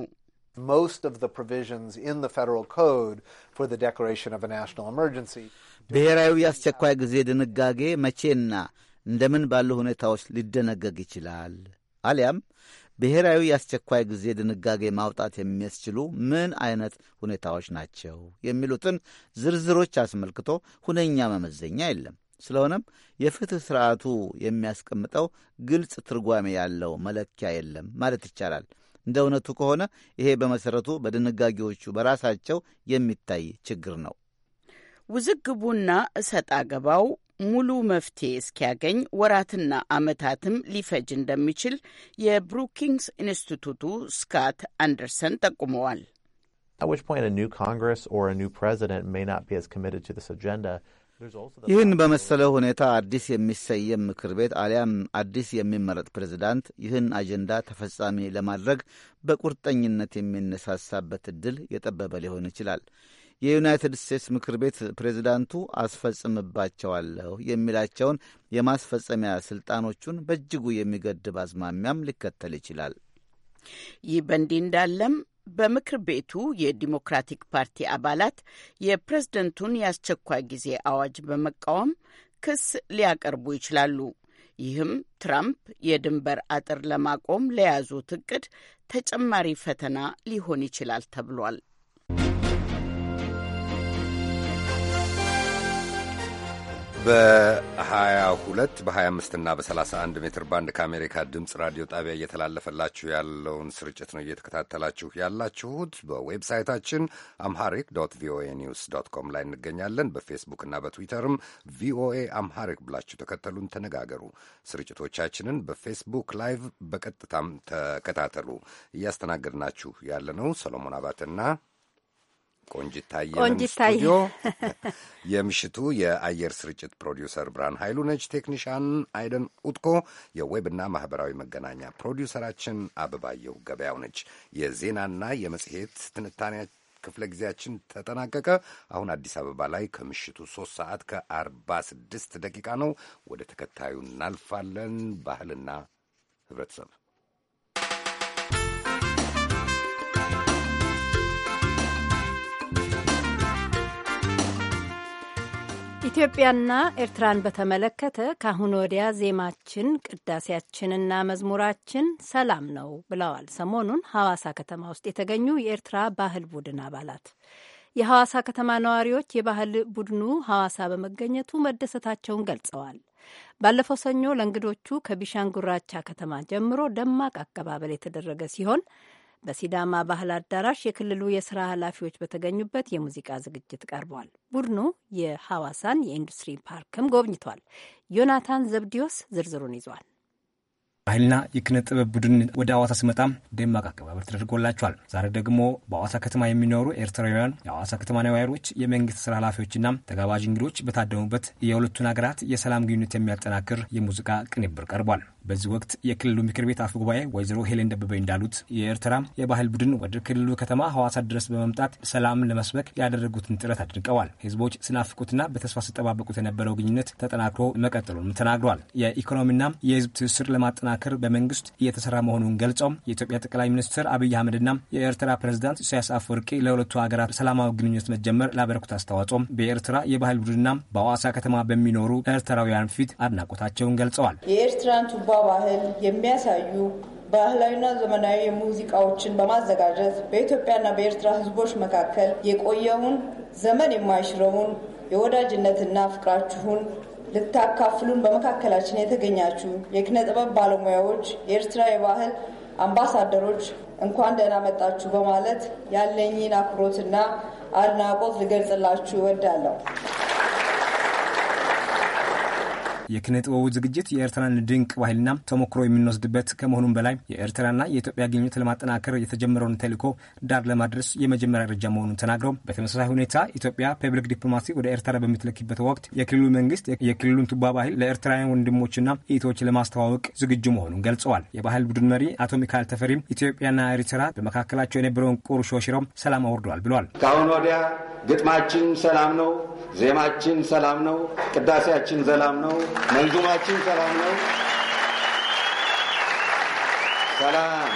ብሔራዊ የአስቸኳይ ጊዜ ድንጋጌ መቼና እንደምን ባሉ ሁኔታዎች ሊደነገግ ይችላል። አሊያም ብሔራዊ የአስቸኳይ ጊዜ ድንጋጌ ማውጣት የሚያስችሉ ምን አይነት ሁኔታዎች ናቸው የሚሉትን ዝርዝሮች አስመልክቶ ሁነኛ መመዘኛ የለም። ስለሆነም የፍትሕ ሥርዓቱ የሚያስቀምጠው ግልጽ ትርጓሜ ያለው መለኪያ የለም ማለት ይቻላል። እንደ እውነቱ ከሆነ ይሄ በመሠረቱ በድንጋጌዎቹ በራሳቸው የሚታይ ችግር ነው። ውዝግቡና እሰጥ አገባው ሙሉ መፍትሄ እስኪያገኝ ወራትና ዓመታትም ሊፈጅ እንደሚችል የብሩኪንግስ ኢንስቲቱቱ ስካት አንደርሰን ጠቁመዋል። ይህን በመሰለ ሁኔታ አዲስ የሚሰየም ምክር ቤት አሊያም አዲስ የሚመረጥ ፕሬዝዳንት ይህን አጀንዳ ተፈጻሚ ለማድረግ በቁርጠኝነት የሚነሳሳበት ዕድል የጠበበ ሊሆን ይችላል። የዩናይትድ ስቴትስ ምክር ቤት ፕሬዚዳንቱ አስፈጽምባቸዋለሁ የሚላቸውን የማስፈጸሚያ ስልጣኖቹን በእጅጉ የሚገድብ አዝማሚያም ሊከተል ይችላል። ይህ በእንዲህ እንዳለም በምክር ቤቱ የዲሞክራቲክ ፓርቲ አባላት የፕሬዝደንቱን የአስቸኳይ ጊዜ አዋጅ በመቃወም ክስ ሊያቀርቡ ይችላሉ። ይህም ትራምፕ የድንበር አጥር ለማቆም ለያዙት እቅድ ተጨማሪ ፈተና ሊሆን ይችላል ተብሏል። በ22 በ25 እና በ31 ሜትር ባንድ ከአሜሪካ ድምፅ ራዲዮ ጣቢያ እየተላለፈላችሁ ያለውን ስርጭት ነው እየተከታተላችሁ ያላችሁት። በዌብሳይታችን አምሃሪክ ዶት ቪኦኤ ኒውስ ዶት ኮም ላይ እንገኛለን። በፌስቡክ እና በትዊተርም ቪኦኤ አምሃሪክ ብላችሁ ተከተሉን፣ ተነጋገሩ። ስርጭቶቻችንን በፌስቡክ ላይቭ በቀጥታም ተከታተሉ። እያስተናገድናችሁ ያለ ነው ሰሎሞን አባትና ቆንጅታየ ስቱዲዮ የምሽቱ የአየር ስርጭት ፕሮዲውሰር ብርሃን ኃይሉ ነች። ቴክኒሻን አይደን ኡጥኮ፣ የዌብና ማህበራዊ መገናኛ ፕሮዲውሰራችን አበባየሁ ገበያው ነች። የዜናና የመጽሔት ትንታኔያ ክፍለ ጊዜያችን ተጠናቀቀ። አሁን አዲስ አበባ ላይ ከምሽቱ ሶስት ሰዓት ከአርባ ስድስት ደቂቃ ነው። ወደ ተከታዩ እናልፋለን። ባህልና ህብረተሰብ ኢትዮጵያና ኤርትራን በተመለከተ ከአሁን ወዲያ ዜማችን ቅዳሴያችንና መዝሙራችን ሰላም ነው ብለዋል ሰሞኑን ሐዋሳ ከተማ ውስጥ የተገኙ የኤርትራ ባህል ቡድን አባላት። የሐዋሳ ከተማ ነዋሪዎች የባህል ቡድኑ ሐዋሳ በመገኘቱ መደሰታቸውን ገልጸዋል። ባለፈው ሰኞ ለእንግዶቹ ከቢሻንጉራቻ ከተማ ጀምሮ ደማቅ አቀባበል የተደረገ ሲሆን በሲዳማ ባህል አዳራሽ የክልሉ የስራ ኃላፊዎች በተገኙበት የሙዚቃ ዝግጅት ቀርቧል። ቡድኑ የሐዋሳን የኢንዱስትሪ ፓርክም ጎብኝቷል። ዮናታን ዘብዲዮስ ዝርዝሩን ይዟል። ባህልና የኪነ ጥበብ ቡድን ወደ አዋሳ ስመጣ ደማቅ አቀባበር ተደርጎላቸዋል። ዛሬ ደግሞ በአዋሳ ከተማ የሚኖሩ ኤርትራውያን፣ የአዋሳ ከተማ ነዋሪዎች፣ የመንግስት ስራ ኃላፊዎችና ተጋባዥ እንግዶች በታደሙበት የሁለቱን ሀገራት የሰላም ግንኙነት የሚያጠናክር የሙዚቃ ቅንብር ቀርቧል። በዚህ ወቅት የክልሉ ምክር ቤት አፈ ጉባኤ ወይዘሮ ሄሌን ደበበ እንዳሉት የኤርትራ የባህል ቡድን ወደ ክልሉ ከተማ ሐዋሳ ድረስ በመምጣት ሰላምን ለመስበክ ያደረጉትን ጥረት አድንቀዋል። ህዝቦች ስናፍቁትና በተስፋ ሲጠባበቁት የነበረው ግንኙነት ተጠናክሮ መቀጠሉን ተናግሯል። የኢኮኖሚና የህዝብ ትስስር ለማጠናከር በመንግስት እየተሰራ መሆኑን ገልጸው የኢትዮጵያ ጠቅላይ ሚኒስትር አብይ አህመድና የኤርትራ ፕሬዚዳንት ኢሳያስ አፈወርቂ ለሁለቱ ሀገራት ሰላማዊ ግንኙነት መጀመር ላበረኩት አስተዋጽኦም በኤርትራ የባህል ቡድንና በሐዋሳ ከተማ በሚኖሩ ኤርትራውያን ፊት አድናቆታቸውን ገልጸዋል። የቱባ ባህል የሚያሳዩ ባህላዊና ዘመናዊ ሙዚቃዎችን በማዘጋጀት በኢትዮጵያና በኤርትራ ሕዝቦች መካከል የቆየውን ዘመን የማይሽረውን የወዳጅነትና ፍቅራችሁን ልታካፍሉን በመካከላችን የተገኛችሁ የኪነ ጥበብ ባለሙያዎች፣ የኤርትራ የባህል አምባሳደሮች እንኳን ደህና መጣችሁ በማለት ያለኝን አክብሮትና አድናቆት ልገልጽላችሁ እወዳለሁ። የኪነ ጥበቡ ዝግጅት የኤርትራን ድንቅ ባህልና ተሞክሮ የምንወስድበት ከመሆኑም በላይ የኤርትራና የኢትዮጵያ ግንኙነት ለማጠናከር የተጀመረውን ተልዕኮ ዳር ለማድረስ የመጀመሪያ ደረጃ መሆኑን ተናግረው በተመሳሳይ ሁኔታ ኢትዮጵያ ፐብሊክ ዲፕሎማሲ ወደ ኤርትራ በምትለክበት ወቅት የክልሉ መንግስት የክልሉን ቱባ ባህል ለኤርትራውያን ወንድሞችና እህቶች ለማስተዋወቅ ዝግጁ መሆኑን ገልጸዋል። የባህል ቡድን መሪ አቶ ሚካኤል ተፈሪም ኢትዮጵያና ኤርትራ በመካከላቸው የነበረውን ቁርሾ ሽረው ሰላም አውርደዋል ብለዋል። ከአሁን ወዲያ ግጥማችን ሰላም ነው ዜማችን ሰላም ነው። ቅዳሴያችን ሰላም ነው። መንዙማችን ሰላም ነው። ሰላም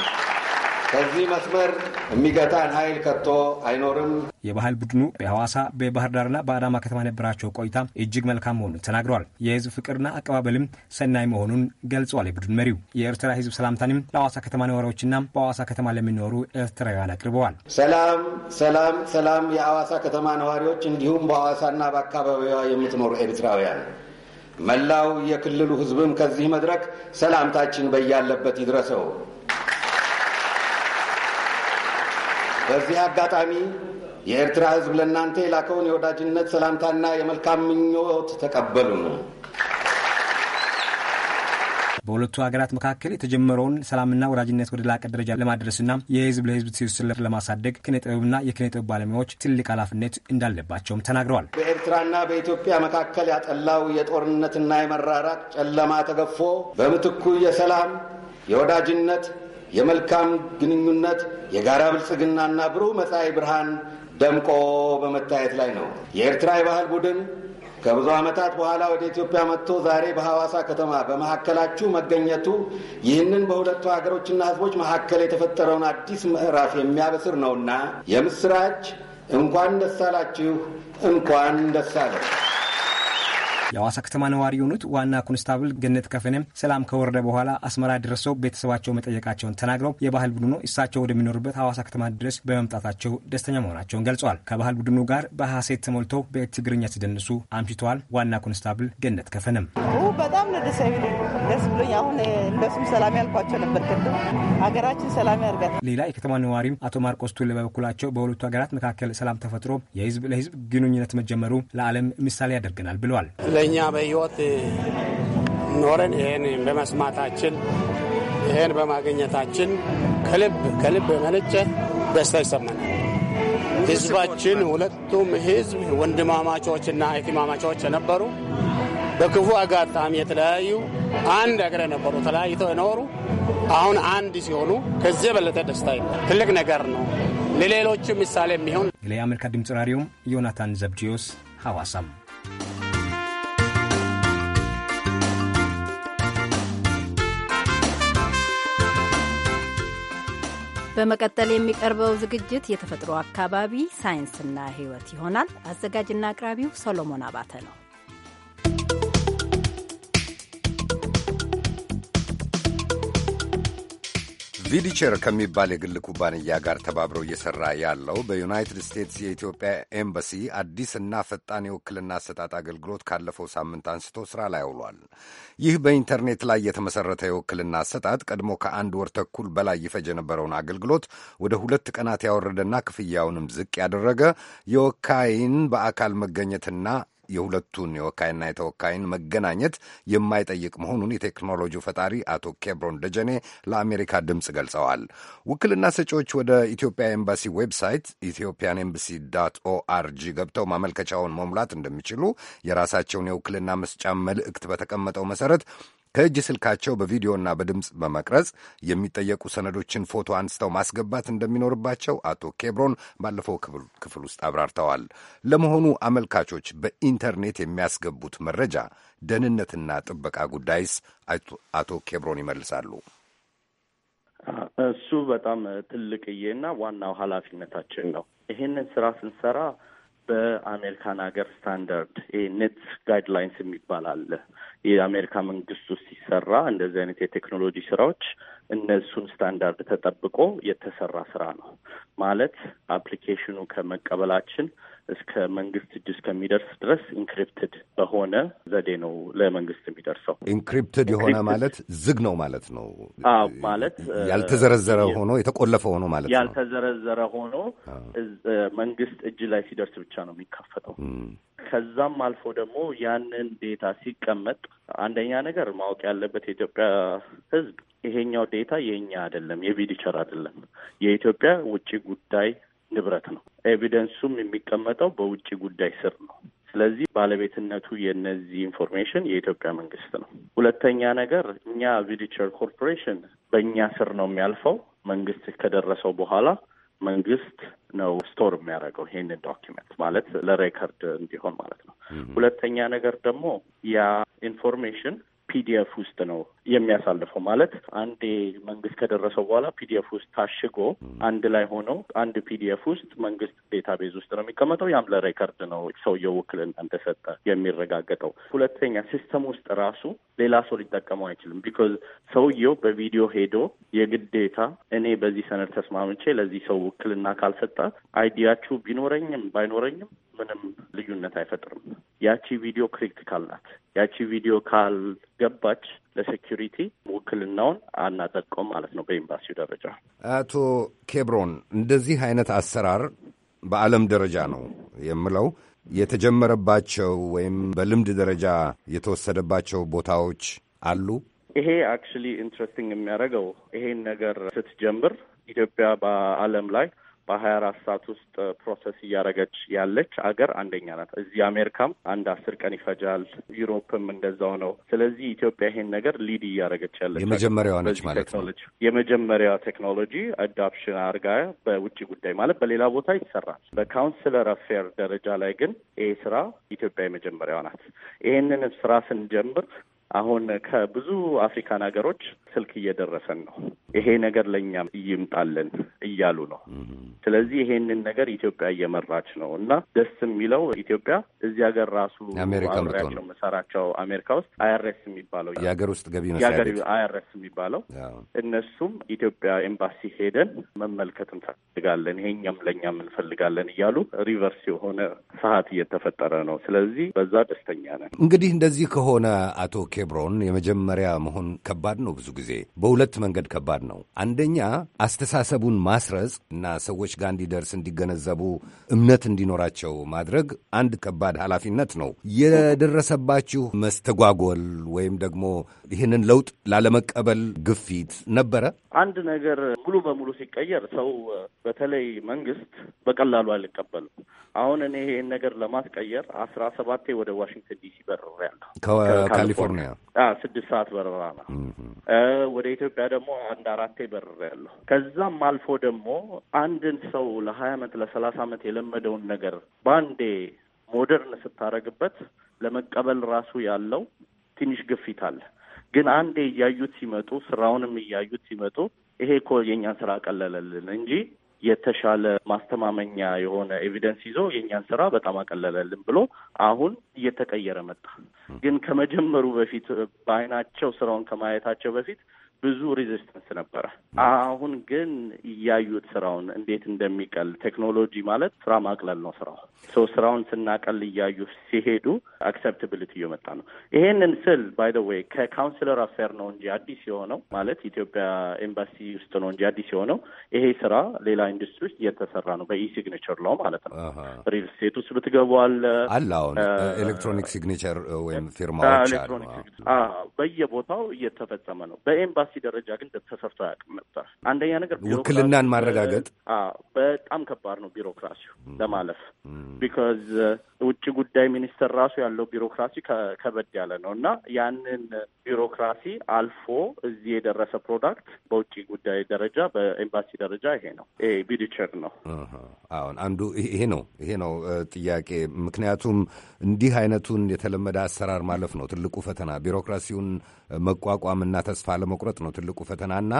ከዚህ መስመር የሚገታን ኃይል ከቶ አይኖርም። የባህል ቡድኑ በሐዋሳ በባህር ዳርና በአዳማ ከተማ ነበራቸው ቆይታ እጅግ መልካም መሆኑን ተናግረዋል። የህዝብ ፍቅርና አቀባበልም ሰናይ መሆኑን ገልጸዋል። የቡድን መሪው የኤርትራ ህዝብ ሰላምታንም ለሐዋሳ ከተማ ነዋሪዎችና በሐዋሳ ከተማ ለሚኖሩ ኤርትራውያን አቅርበዋል። ሰላም ሰላም ሰላም! የሐዋሳ ከተማ ነዋሪዎች እንዲሁም በሐዋሳና በአካባቢዋ የምትኖሩ ኤርትራውያን መላው የክልሉ ህዝብም ከዚህ መድረክ ሰላምታችን በያለበት ይድረሰው። በዚህ አጋጣሚ የኤርትራ ሕዝብ ለእናንተ የላከውን የወዳጅነት ሰላምታና የመልካም ምኞት ተቀበሉ ነው። በሁለቱ ሀገራት መካከል የተጀመረውን ሰላምና ወዳጅነት ወደ ላቀ ደረጃ ለማድረስና የህዝብ ለህዝብ ትስስር ለማሳደግ ኪነ ጥበብና ጥበብ ባለሙያዎች ትልቅ ኃላፊነት እንዳለባቸውም ተናግረዋል። በኤርትራና በኢትዮጵያ መካከል ያጠላው የጦርነትና የመራራቅ ጨለማ ተገፎ በምትኩ የሰላም የወዳጅነት የመልካም ግንኙነት የጋራ ብልጽግናና ብሩህ መጻኢ ብርሃን ደምቆ በመታየት ላይ ነው። የኤርትራ የባህል ቡድን ከብዙ ዓመታት በኋላ ወደ ኢትዮጵያ መጥቶ ዛሬ በሐዋሳ ከተማ በመካከላችሁ መገኘቱ ይህንን በሁለቱ ሀገሮችና ሕዝቦች መካከል የተፈጠረውን አዲስ ምዕራፍ የሚያበስር ነውና የምስራች እንኳን ደስ አላችሁ፣ እንኳን ደስ አለን። የሐዋሳ ከተማ ነዋሪ የሆኑት ዋና ኮንስታብል ገነት ከፈነም ሰላም ከወረደ በኋላ አስመራ ደርሰው ቤተሰባቸው መጠየቃቸውን ተናግረው የባህል ቡድኑ እሳቸው ወደሚኖሩበት ሐዋሳ ከተማ ድረስ በመምጣታቸው ደስተኛ መሆናቸውን ገልጸዋል። ከባህል ቡድኑ ጋር በሐሴት ተሞልተው በትግርኛ ሲደንሱ አምሽተዋል። ዋና ኮንስታብል ገነት ከፈነም በጣም ነው ደስ ደስ ብሎኝ አሁን እንደሱም ሰላም ያልኳቸው ነበር። ቅድም ሀገራችን ሰላም ያርጋል። ሌላ የከተማ ነዋሪም አቶ ማርቆስ ቱል በበኩላቸው በሁለቱ ሀገራት መካከል ሰላም ተፈጥሮ የህዝብ ለህዝብ ግንኙነት መጀመሩ ለዓለም ምሳሌ ያደርገናል ብለዋል። እኛ በህይወት ኖረን ይህን በመስማታችን ይህን በማግኘታችን ከልብ ከልብ የመነጨ ደስታ ይሰማናል። ህዝባችን ሁለቱም ህዝብ ወንድማማቾችና እህትማማቾች የነበሩ በክፉ አጋጣሚ የተለያዩ አንድ ሀገር የነበሩ ተለያይተው የኖሩ አሁን አንድ ሲሆኑ ከዚህ የበለጠ ደስታ ትልቅ ነገር ነው። ለሌሎችም ምሳሌ የሚሆን ለአሜሪካ ድምፅ ራዲዮም ዮናታን ዘብድዮስ ሐዋሳም በመቀጠል የሚቀርበው ዝግጅት የተፈጥሮ አካባቢ ሳይንስና ሕይወት ይሆናል። አዘጋጅና አቅራቢው ሰሎሞን አባተ ነው። ቪዲቸር ከሚባል የግል ኩባንያ ጋር ተባብሮ እየሰራ ያለው በዩናይትድ ስቴትስ የኢትዮጵያ ኤምባሲ አዲስና ፈጣን የውክልና አሰጣጥ አገልግሎት ካለፈው ሳምንት አንስቶ ስራ ላይ አውሏል። ይህ በኢንተርኔት ላይ የተመሠረተ የውክልና አሰጣጥ ቀድሞ ከአንድ ወር ተኩል በላይ ይፈጅ የነበረውን አገልግሎት ወደ ሁለት ቀናት ያወረደና ክፍያውንም ዝቅ ያደረገ የወካይን በአካል መገኘትና የሁለቱን የወካይና የተወካይን መገናኘት የማይጠይቅ መሆኑን የቴክኖሎጂው ፈጣሪ አቶ ኬብሮን ደጀኔ ለአሜሪካ ድምፅ ገልጸዋል። ውክልና ሰጪዎች ወደ ኢትዮጵያ ኤምባሲ ዌብሳይት ኢትዮጵያን ኤምባሲ ዳት ኦአርጂ ገብተው ማመልከቻውን መሙላት እንደሚችሉ የራሳቸውን የውክልና መስጫ መልእክት በተቀመጠው መሰረት ከእጅ ስልካቸው በቪዲዮና በድምፅ በመቅረጽ የሚጠየቁ ሰነዶችን ፎቶ አንስተው ማስገባት እንደሚኖርባቸው አቶ ኬብሮን ባለፈው ክፍል ውስጥ አብራርተዋል። ለመሆኑ አመልካቾች በኢንተርኔት የሚያስገቡት መረጃ ደህንነትና ጥበቃ ጉዳይስ አቶ ኬብሮን ይመልሳሉ። እሱ በጣም ትልቅዬና ዋናው ኃላፊነታችን ነው። ይህንን ስራ ስንሰራ በአሜሪካን ሀገር ስታንዳርድ ይሄ ኔት ጋይድላይንስ የሚባል አለ። የአሜሪካ መንግስት ውስጥ ሲሰራ እንደዚህ አይነት የቴክኖሎጂ ስራዎች እነሱን ስታንዳርድ ተጠብቆ የተሰራ ስራ ነው ማለት አፕሊኬሽኑ ከመቀበላችን እስከ መንግስት እጅ እስከሚደርስ ድረስ ኢንክሪፕትድ በሆነ ዘዴ ነው ለመንግስት የሚደርሰው። ኢንክሪፕትድ የሆነ ማለት ዝግ ነው ማለት ነው። አዎ ማለት ያልተዘረዘረ ሆኖ የተቆለፈ ሆኖ ማለት ነው። ያልተዘረዘረ ሆኖ መንግስት እጅ ላይ ሲደርስ ብቻ ነው የሚከፈተው ከዛም አልፎ ደግሞ ያንን ዴታ ሲቀመጥ አንደኛ ነገር ማወቅ ያለበት የኢትዮጵያ ሕዝብ ይሄኛው ዴታ የእኛ አይደለም፣ የቪዲቸር አይደለም። የኢትዮጵያ ውጭ ጉዳይ ንብረት ነው። ኤቪደንሱም የሚቀመጠው በውጭ ጉዳይ ስር ነው። ስለዚህ ባለቤትነቱ የነዚህ ኢንፎርሜሽን የኢትዮጵያ መንግስት ነው። ሁለተኛ ነገር እኛ ቪዲቸር ኮርፖሬሽን በእኛ ስር ነው የሚያልፈው። መንግስት ከደረሰው በኋላ መንግስት ነው ስቶር የሚያደርገው ይሄንን ዶኪመንት ማለት ለሬከርድ እንዲሆን ማለት ነው። ሁለተኛ ነገር ደግሞ ያ ኢንፎርሜሽን ፒዲኤፍ ውስጥ ነው የሚያሳልፈው። ማለት አንዴ መንግስት ከደረሰው በኋላ ፒዲኤፍ ውስጥ ታሽጎ አንድ ላይ ሆኖ አንድ ፒዲኤፍ ውስጥ መንግስት ዴታቤዝ ውስጥ ነው የሚቀመጠው። ያም ለሬከርድ ነው ሰውየው ውክልና እንደሰጠ የሚረጋገጠው። ሁለተኛ ሲስተም ውስጥ ራሱ ሌላ ሰው ሊጠቀመው አይችልም። ቢኮዝ ሰውየው በቪዲዮ ሄዶ የግዴታ እኔ በዚህ ሰነድ ተስማምቼ ለዚህ ሰው ውክልና ካልሰጣት አይዲያችሁ ቢኖረኝም ባይኖረኝም ምንም ልዩነት አይፈጥርም። ያቺ ቪዲዮ ክሪቲካል ናት። ያቺ ቪዲዮ ካልገባች ለሴኪሪቲ ውክልናውን አናጸድቀውም ማለት ነው በኤምባሲው ደረጃ። አቶ ኬብሮን፣ እንደዚህ አይነት አሰራር በዓለም ደረጃ ነው የምለው የተጀመረባቸው ወይም በልምድ ደረጃ የተወሰደባቸው ቦታዎች አሉ። ይሄ አክቹዋሊ ኢንትረስቲንግ የሚያደርገው ይሄን ነገር ስትጀምር ኢትዮጵያ በዓለም ላይ በሀያ አራት ሰዓት ውስጥ ፕሮሰስ እያደረገች ያለች አገር አንደኛ ናት። እዚህ አሜሪካም አንድ አስር ቀን ይፈጃል፣ ዩሮፕም እንደዛው ነው። ስለዚህ ኢትዮጵያ ይሄን ነገር ሊድ እያደረገች ያለች የመጀመሪያዋ ነች ማለት ነው። የመጀመሪያ ቴክኖሎጂ አዳፕሽን አድርጋ በውጭ ጉዳይ ማለት በሌላ ቦታ ይሰራል። በካውንስለር አፌር ደረጃ ላይ ግን ይሄ ስራ ኢትዮጵያ የመጀመሪያዋ ናት። ይህንን ስራ ስንጀምር አሁን ከብዙ አፍሪካን ሀገሮች ስልክ እየደረሰን ነው። ይሄ ነገር ለእኛም እይምጣለን እያሉ ነው። ስለዚህ ይሄንን ነገር ኢትዮጵያ እየመራች ነው እና ደስ የሚለው ኢትዮጵያ እዚህ ሀገር ራሱ አብሬያቸው መሰራቸው አሜሪካ ውስጥ አይአርስ የሚባለው የሀገር ውስጥ ገቢ መስሪያ አይአርስ የሚባለው እነሱም ኢትዮጵያ ኤምባሲ ሄደን መመልከት እንፈልጋለን፣ ይሄኛም ለእኛም እንፈልጋለን እያሉ ሪቨርስ የሆነ ሰዓት እየተፈጠረ ነው። ስለዚህ በዛ ደስተኛ ነን። እንግዲህ እንደዚህ ከሆነ አቶ ኬብሮን የመጀመሪያ መሆን ከባድ ነው። ብዙ ጊዜ በሁለት መንገድ ከባድ ነው። አንደኛ አስተሳሰቡን ማስረጽ እና ሰዎች ጋር እንዲደርስ እንዲገነዘቡ፣ እምነት እንዲኖራቸው ማድረግ አንድ ከባድ ኃላፊነት ነው። የደረሰባችሁ መስተጓጎል ወይም ደግሞ ይህንን ለውጥ ላለመቀበል ግፊት ነበረ? አንድ ነገር ሙሉ በሙሉ ሲቀየር ሰው በተለይ መንግስት በቀላሉ አይቀበልም። አሁን እኔ ይህን ነገር ለማስቀየር አስራ ሰባቴ ወደ ዋሽንግተን ዲሲ በረሬ ከካሊፎርኒያ ስድስት ሰዓት በረራ ነው። ወደ ኢትዮጵያ ደግሞ አንድ አራቴ በረራ ያለሁ። ከዛም አልፎ ደግሞ አንድን ሰው ለሀያ አመት ለሰላሳ አመት የለመደውን ነገር በአንዴ ሞደርን ስታደርግበት ለመቀበል ራሱ ያለው ትንሽ ግፊት አለ። ግን አንዴ እያዩት ሲመጡ ስራውንም እያዩት ሲመጡ ይሄ እኮ የእኛን ስራ ቀለለልን እንጂ የተሻለ ማስተማመኛ የሆነ ኤቪደንስ ይዞ የእኛን ስራ በጣም አቀለለልን ብሎ አሁን እየተቀየረ መጣ። ግን ከመጀመሩ በፊት በአይናቸው ስራውን ከማየታቸው በፊት ብዙ ሬዚስተንስ ነበረ። አሁን ግን እያዩት ስራውን እንዴት እንደሚቀል ቴክኖሎጂ ማለት ስራ ማቅለል ነው ስራው። ሶ ስራውን ስናቀል እያዩ ሲሄዱ አክሰፕትብሊቲ እየመጣ ነው። ይሄንን ስል ባይ ዘ ዌይ ከካውንስለር አፌር ነው እንጂ አዲስ የሆነው ማለት ኢትዮጵያ ኤምባሲ ውስጥ ነው እንጂ አዲስ የሆነው ይሄ ስራ ሌላ ኢንዱስትሪ ውስጥ እየተሰራ ነው። በኢሲግኔቸር ላው ማለት ነው። ሪል ስቴት ውስጥ ብትገቡ አለ አለ አሁን ኤሌክትሮኒክ ሲግኔቸር ወይም ፊርማዎች በየቦታው እየተፈጸመ ነው በኤምባሲ በኤምባሲ ደረጃ ግን ተሰርቶ አያውቅም ነበር። አንደኛ ነገር ውክልናን ማረጋገጥ በጣም ከባድ ነው ቢሮክራሲው ለማለፍ ቢካዝ ውጭ ጉዳይ ሚኒስቴር ራሱ ያለው ቢሮክራሲ ከበድ ያለ ነው እና ያንን ቢሮክራሲ አልፎ እዚህ የደረሰ ፕሮዳክት በውጭ ጉዳይ ደረጃ በኤምባሲ ደረጃ ይሄ ነው ቢድቸር ነው። አሁን አንዱ ይሄ ነው ይሄ ነው ጥያቄ። ምክንያቱም እንዲህ አይነቱን የተለመደ አሰራር ማለፍ ነው ትልቁ ፈተና ቢሮክራሲውን መቋቋምና ተስፋ ለመቁረጥ ነው ትልቁ ፈተናና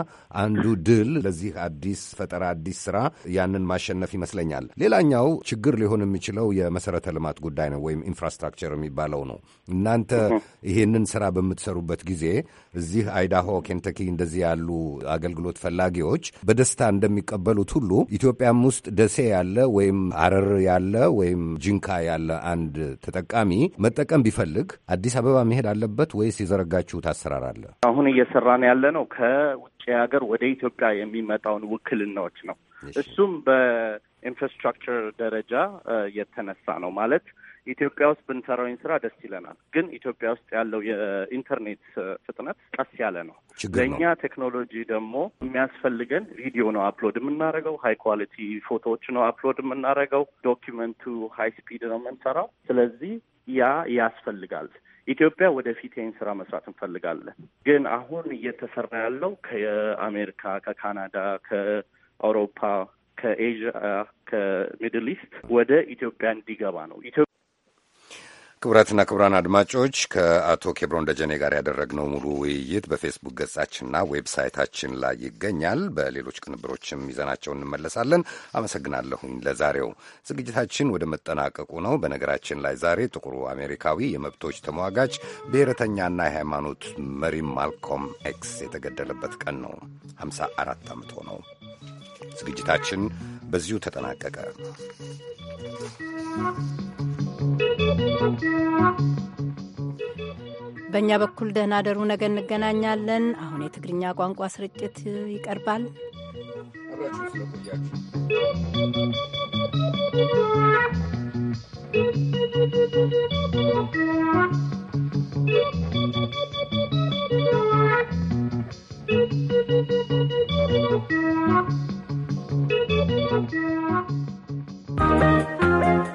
አንዱ ድል ለዚህ አዲስ ፈጠራ አዲስ ስራ ያንን ማሸነፍ ይመስለኛል። ሌላኛው ችግር ሊሆን የሚችለው የመሰረተ ልማት ጉዳይ ነው ወይም ኢንፍራስትራክቸር የሚባለው ነው። እናንተ ይሄንን ስራ በምትሰሩበት ጊዜ እዚህ አይዳሆ፣ ኬንተኪ እንደዚህ ያሉ አገልግሎት ፈላጊዎች በደስታ እንደሚቀበሉት ሁሉ ኢትዮጵያም ውስጥ ደሴ ያለ ወይም አረር ያለ ወይም ጅንካ ያለ አንድ ተጠቃሚ መጠቀም ቢፈልግ አዲስ አበባ መሄድ አለበት ወይስ የዘረጋችሁት አሰራር አለ? አሁን ነው ያለ ነው ከውጭ ሀገር ወደ ኢትዮጵያ የሚመጣውን ውክልናዎች ነው። እሱም በኢንፍራስትራክቸር ደረጃ የተነሳ ነው ማለት ኢትዮጵያ ውስጥ ብንሰራውን ስራ ደስ ይለናል፣ ግን ኢትዮጵያ ውስጥ ያለው የኢንተርኔት ፍጥነት ቀስ ያለ ነው። ለእኛ ቴክኖሎጂ ደግሞ የሚያስፈልገን ቪዲዮ ነው አፕሎድ የምናደርገው፣ ሀይ ኳሊቲ ፎቶዎች ነው አፕሎድ የምናደርገው፣ ዶኪመንቱ ሀይ ስፒድ ነው የምንሰራው። ስለዚህ ያ ያስፈልጋል። ኢትዮጵያ ወደፊት ይህን ስራ መስራት እንፈልጋለን። ግን አሁን እየተሰራ ያለው ከአሜሪካ፣ ከካናዳ፣ ከአውሮፓ ከኤዥያ ከሚድል ኢስት ወደ ኢትዮጵያ እንዲገባ ነው። ክቡራትና ክቡራን አድማጮች ከአቶ ኬብሮን ደጀኔ ጋር ያደረግነው ሙሉ ውይይት በፌስቡክ ገጻችንና ዌብሳይታችን ላይ ይገኛል። በሌሎች ቅንብሮችም ይዘናቸው እንመለሳለን። አመሰግናለሁኝ። ለዛሬው ዝግጅታችን ወደ መጠናቀቁ ነው። በነገራችን ላይ ዛሬ ጥቁሩ አሜሪካዊ የመብቶች ተሟጋች ብሔረተኛና የሃይማኖት መሪ ማልኮም ኤክስ የተገደለበት ቀን ነው። 54 ዓመት ሆነው። ዝግጅታችን በዚሁ ተጠናቀቀ። በእኛ በኩል ደህና ደሩ። ነገ እንገናኛለን። አሁን የትግርኛ ቋንቋ ስርጭት ይቀርባል። Thank you.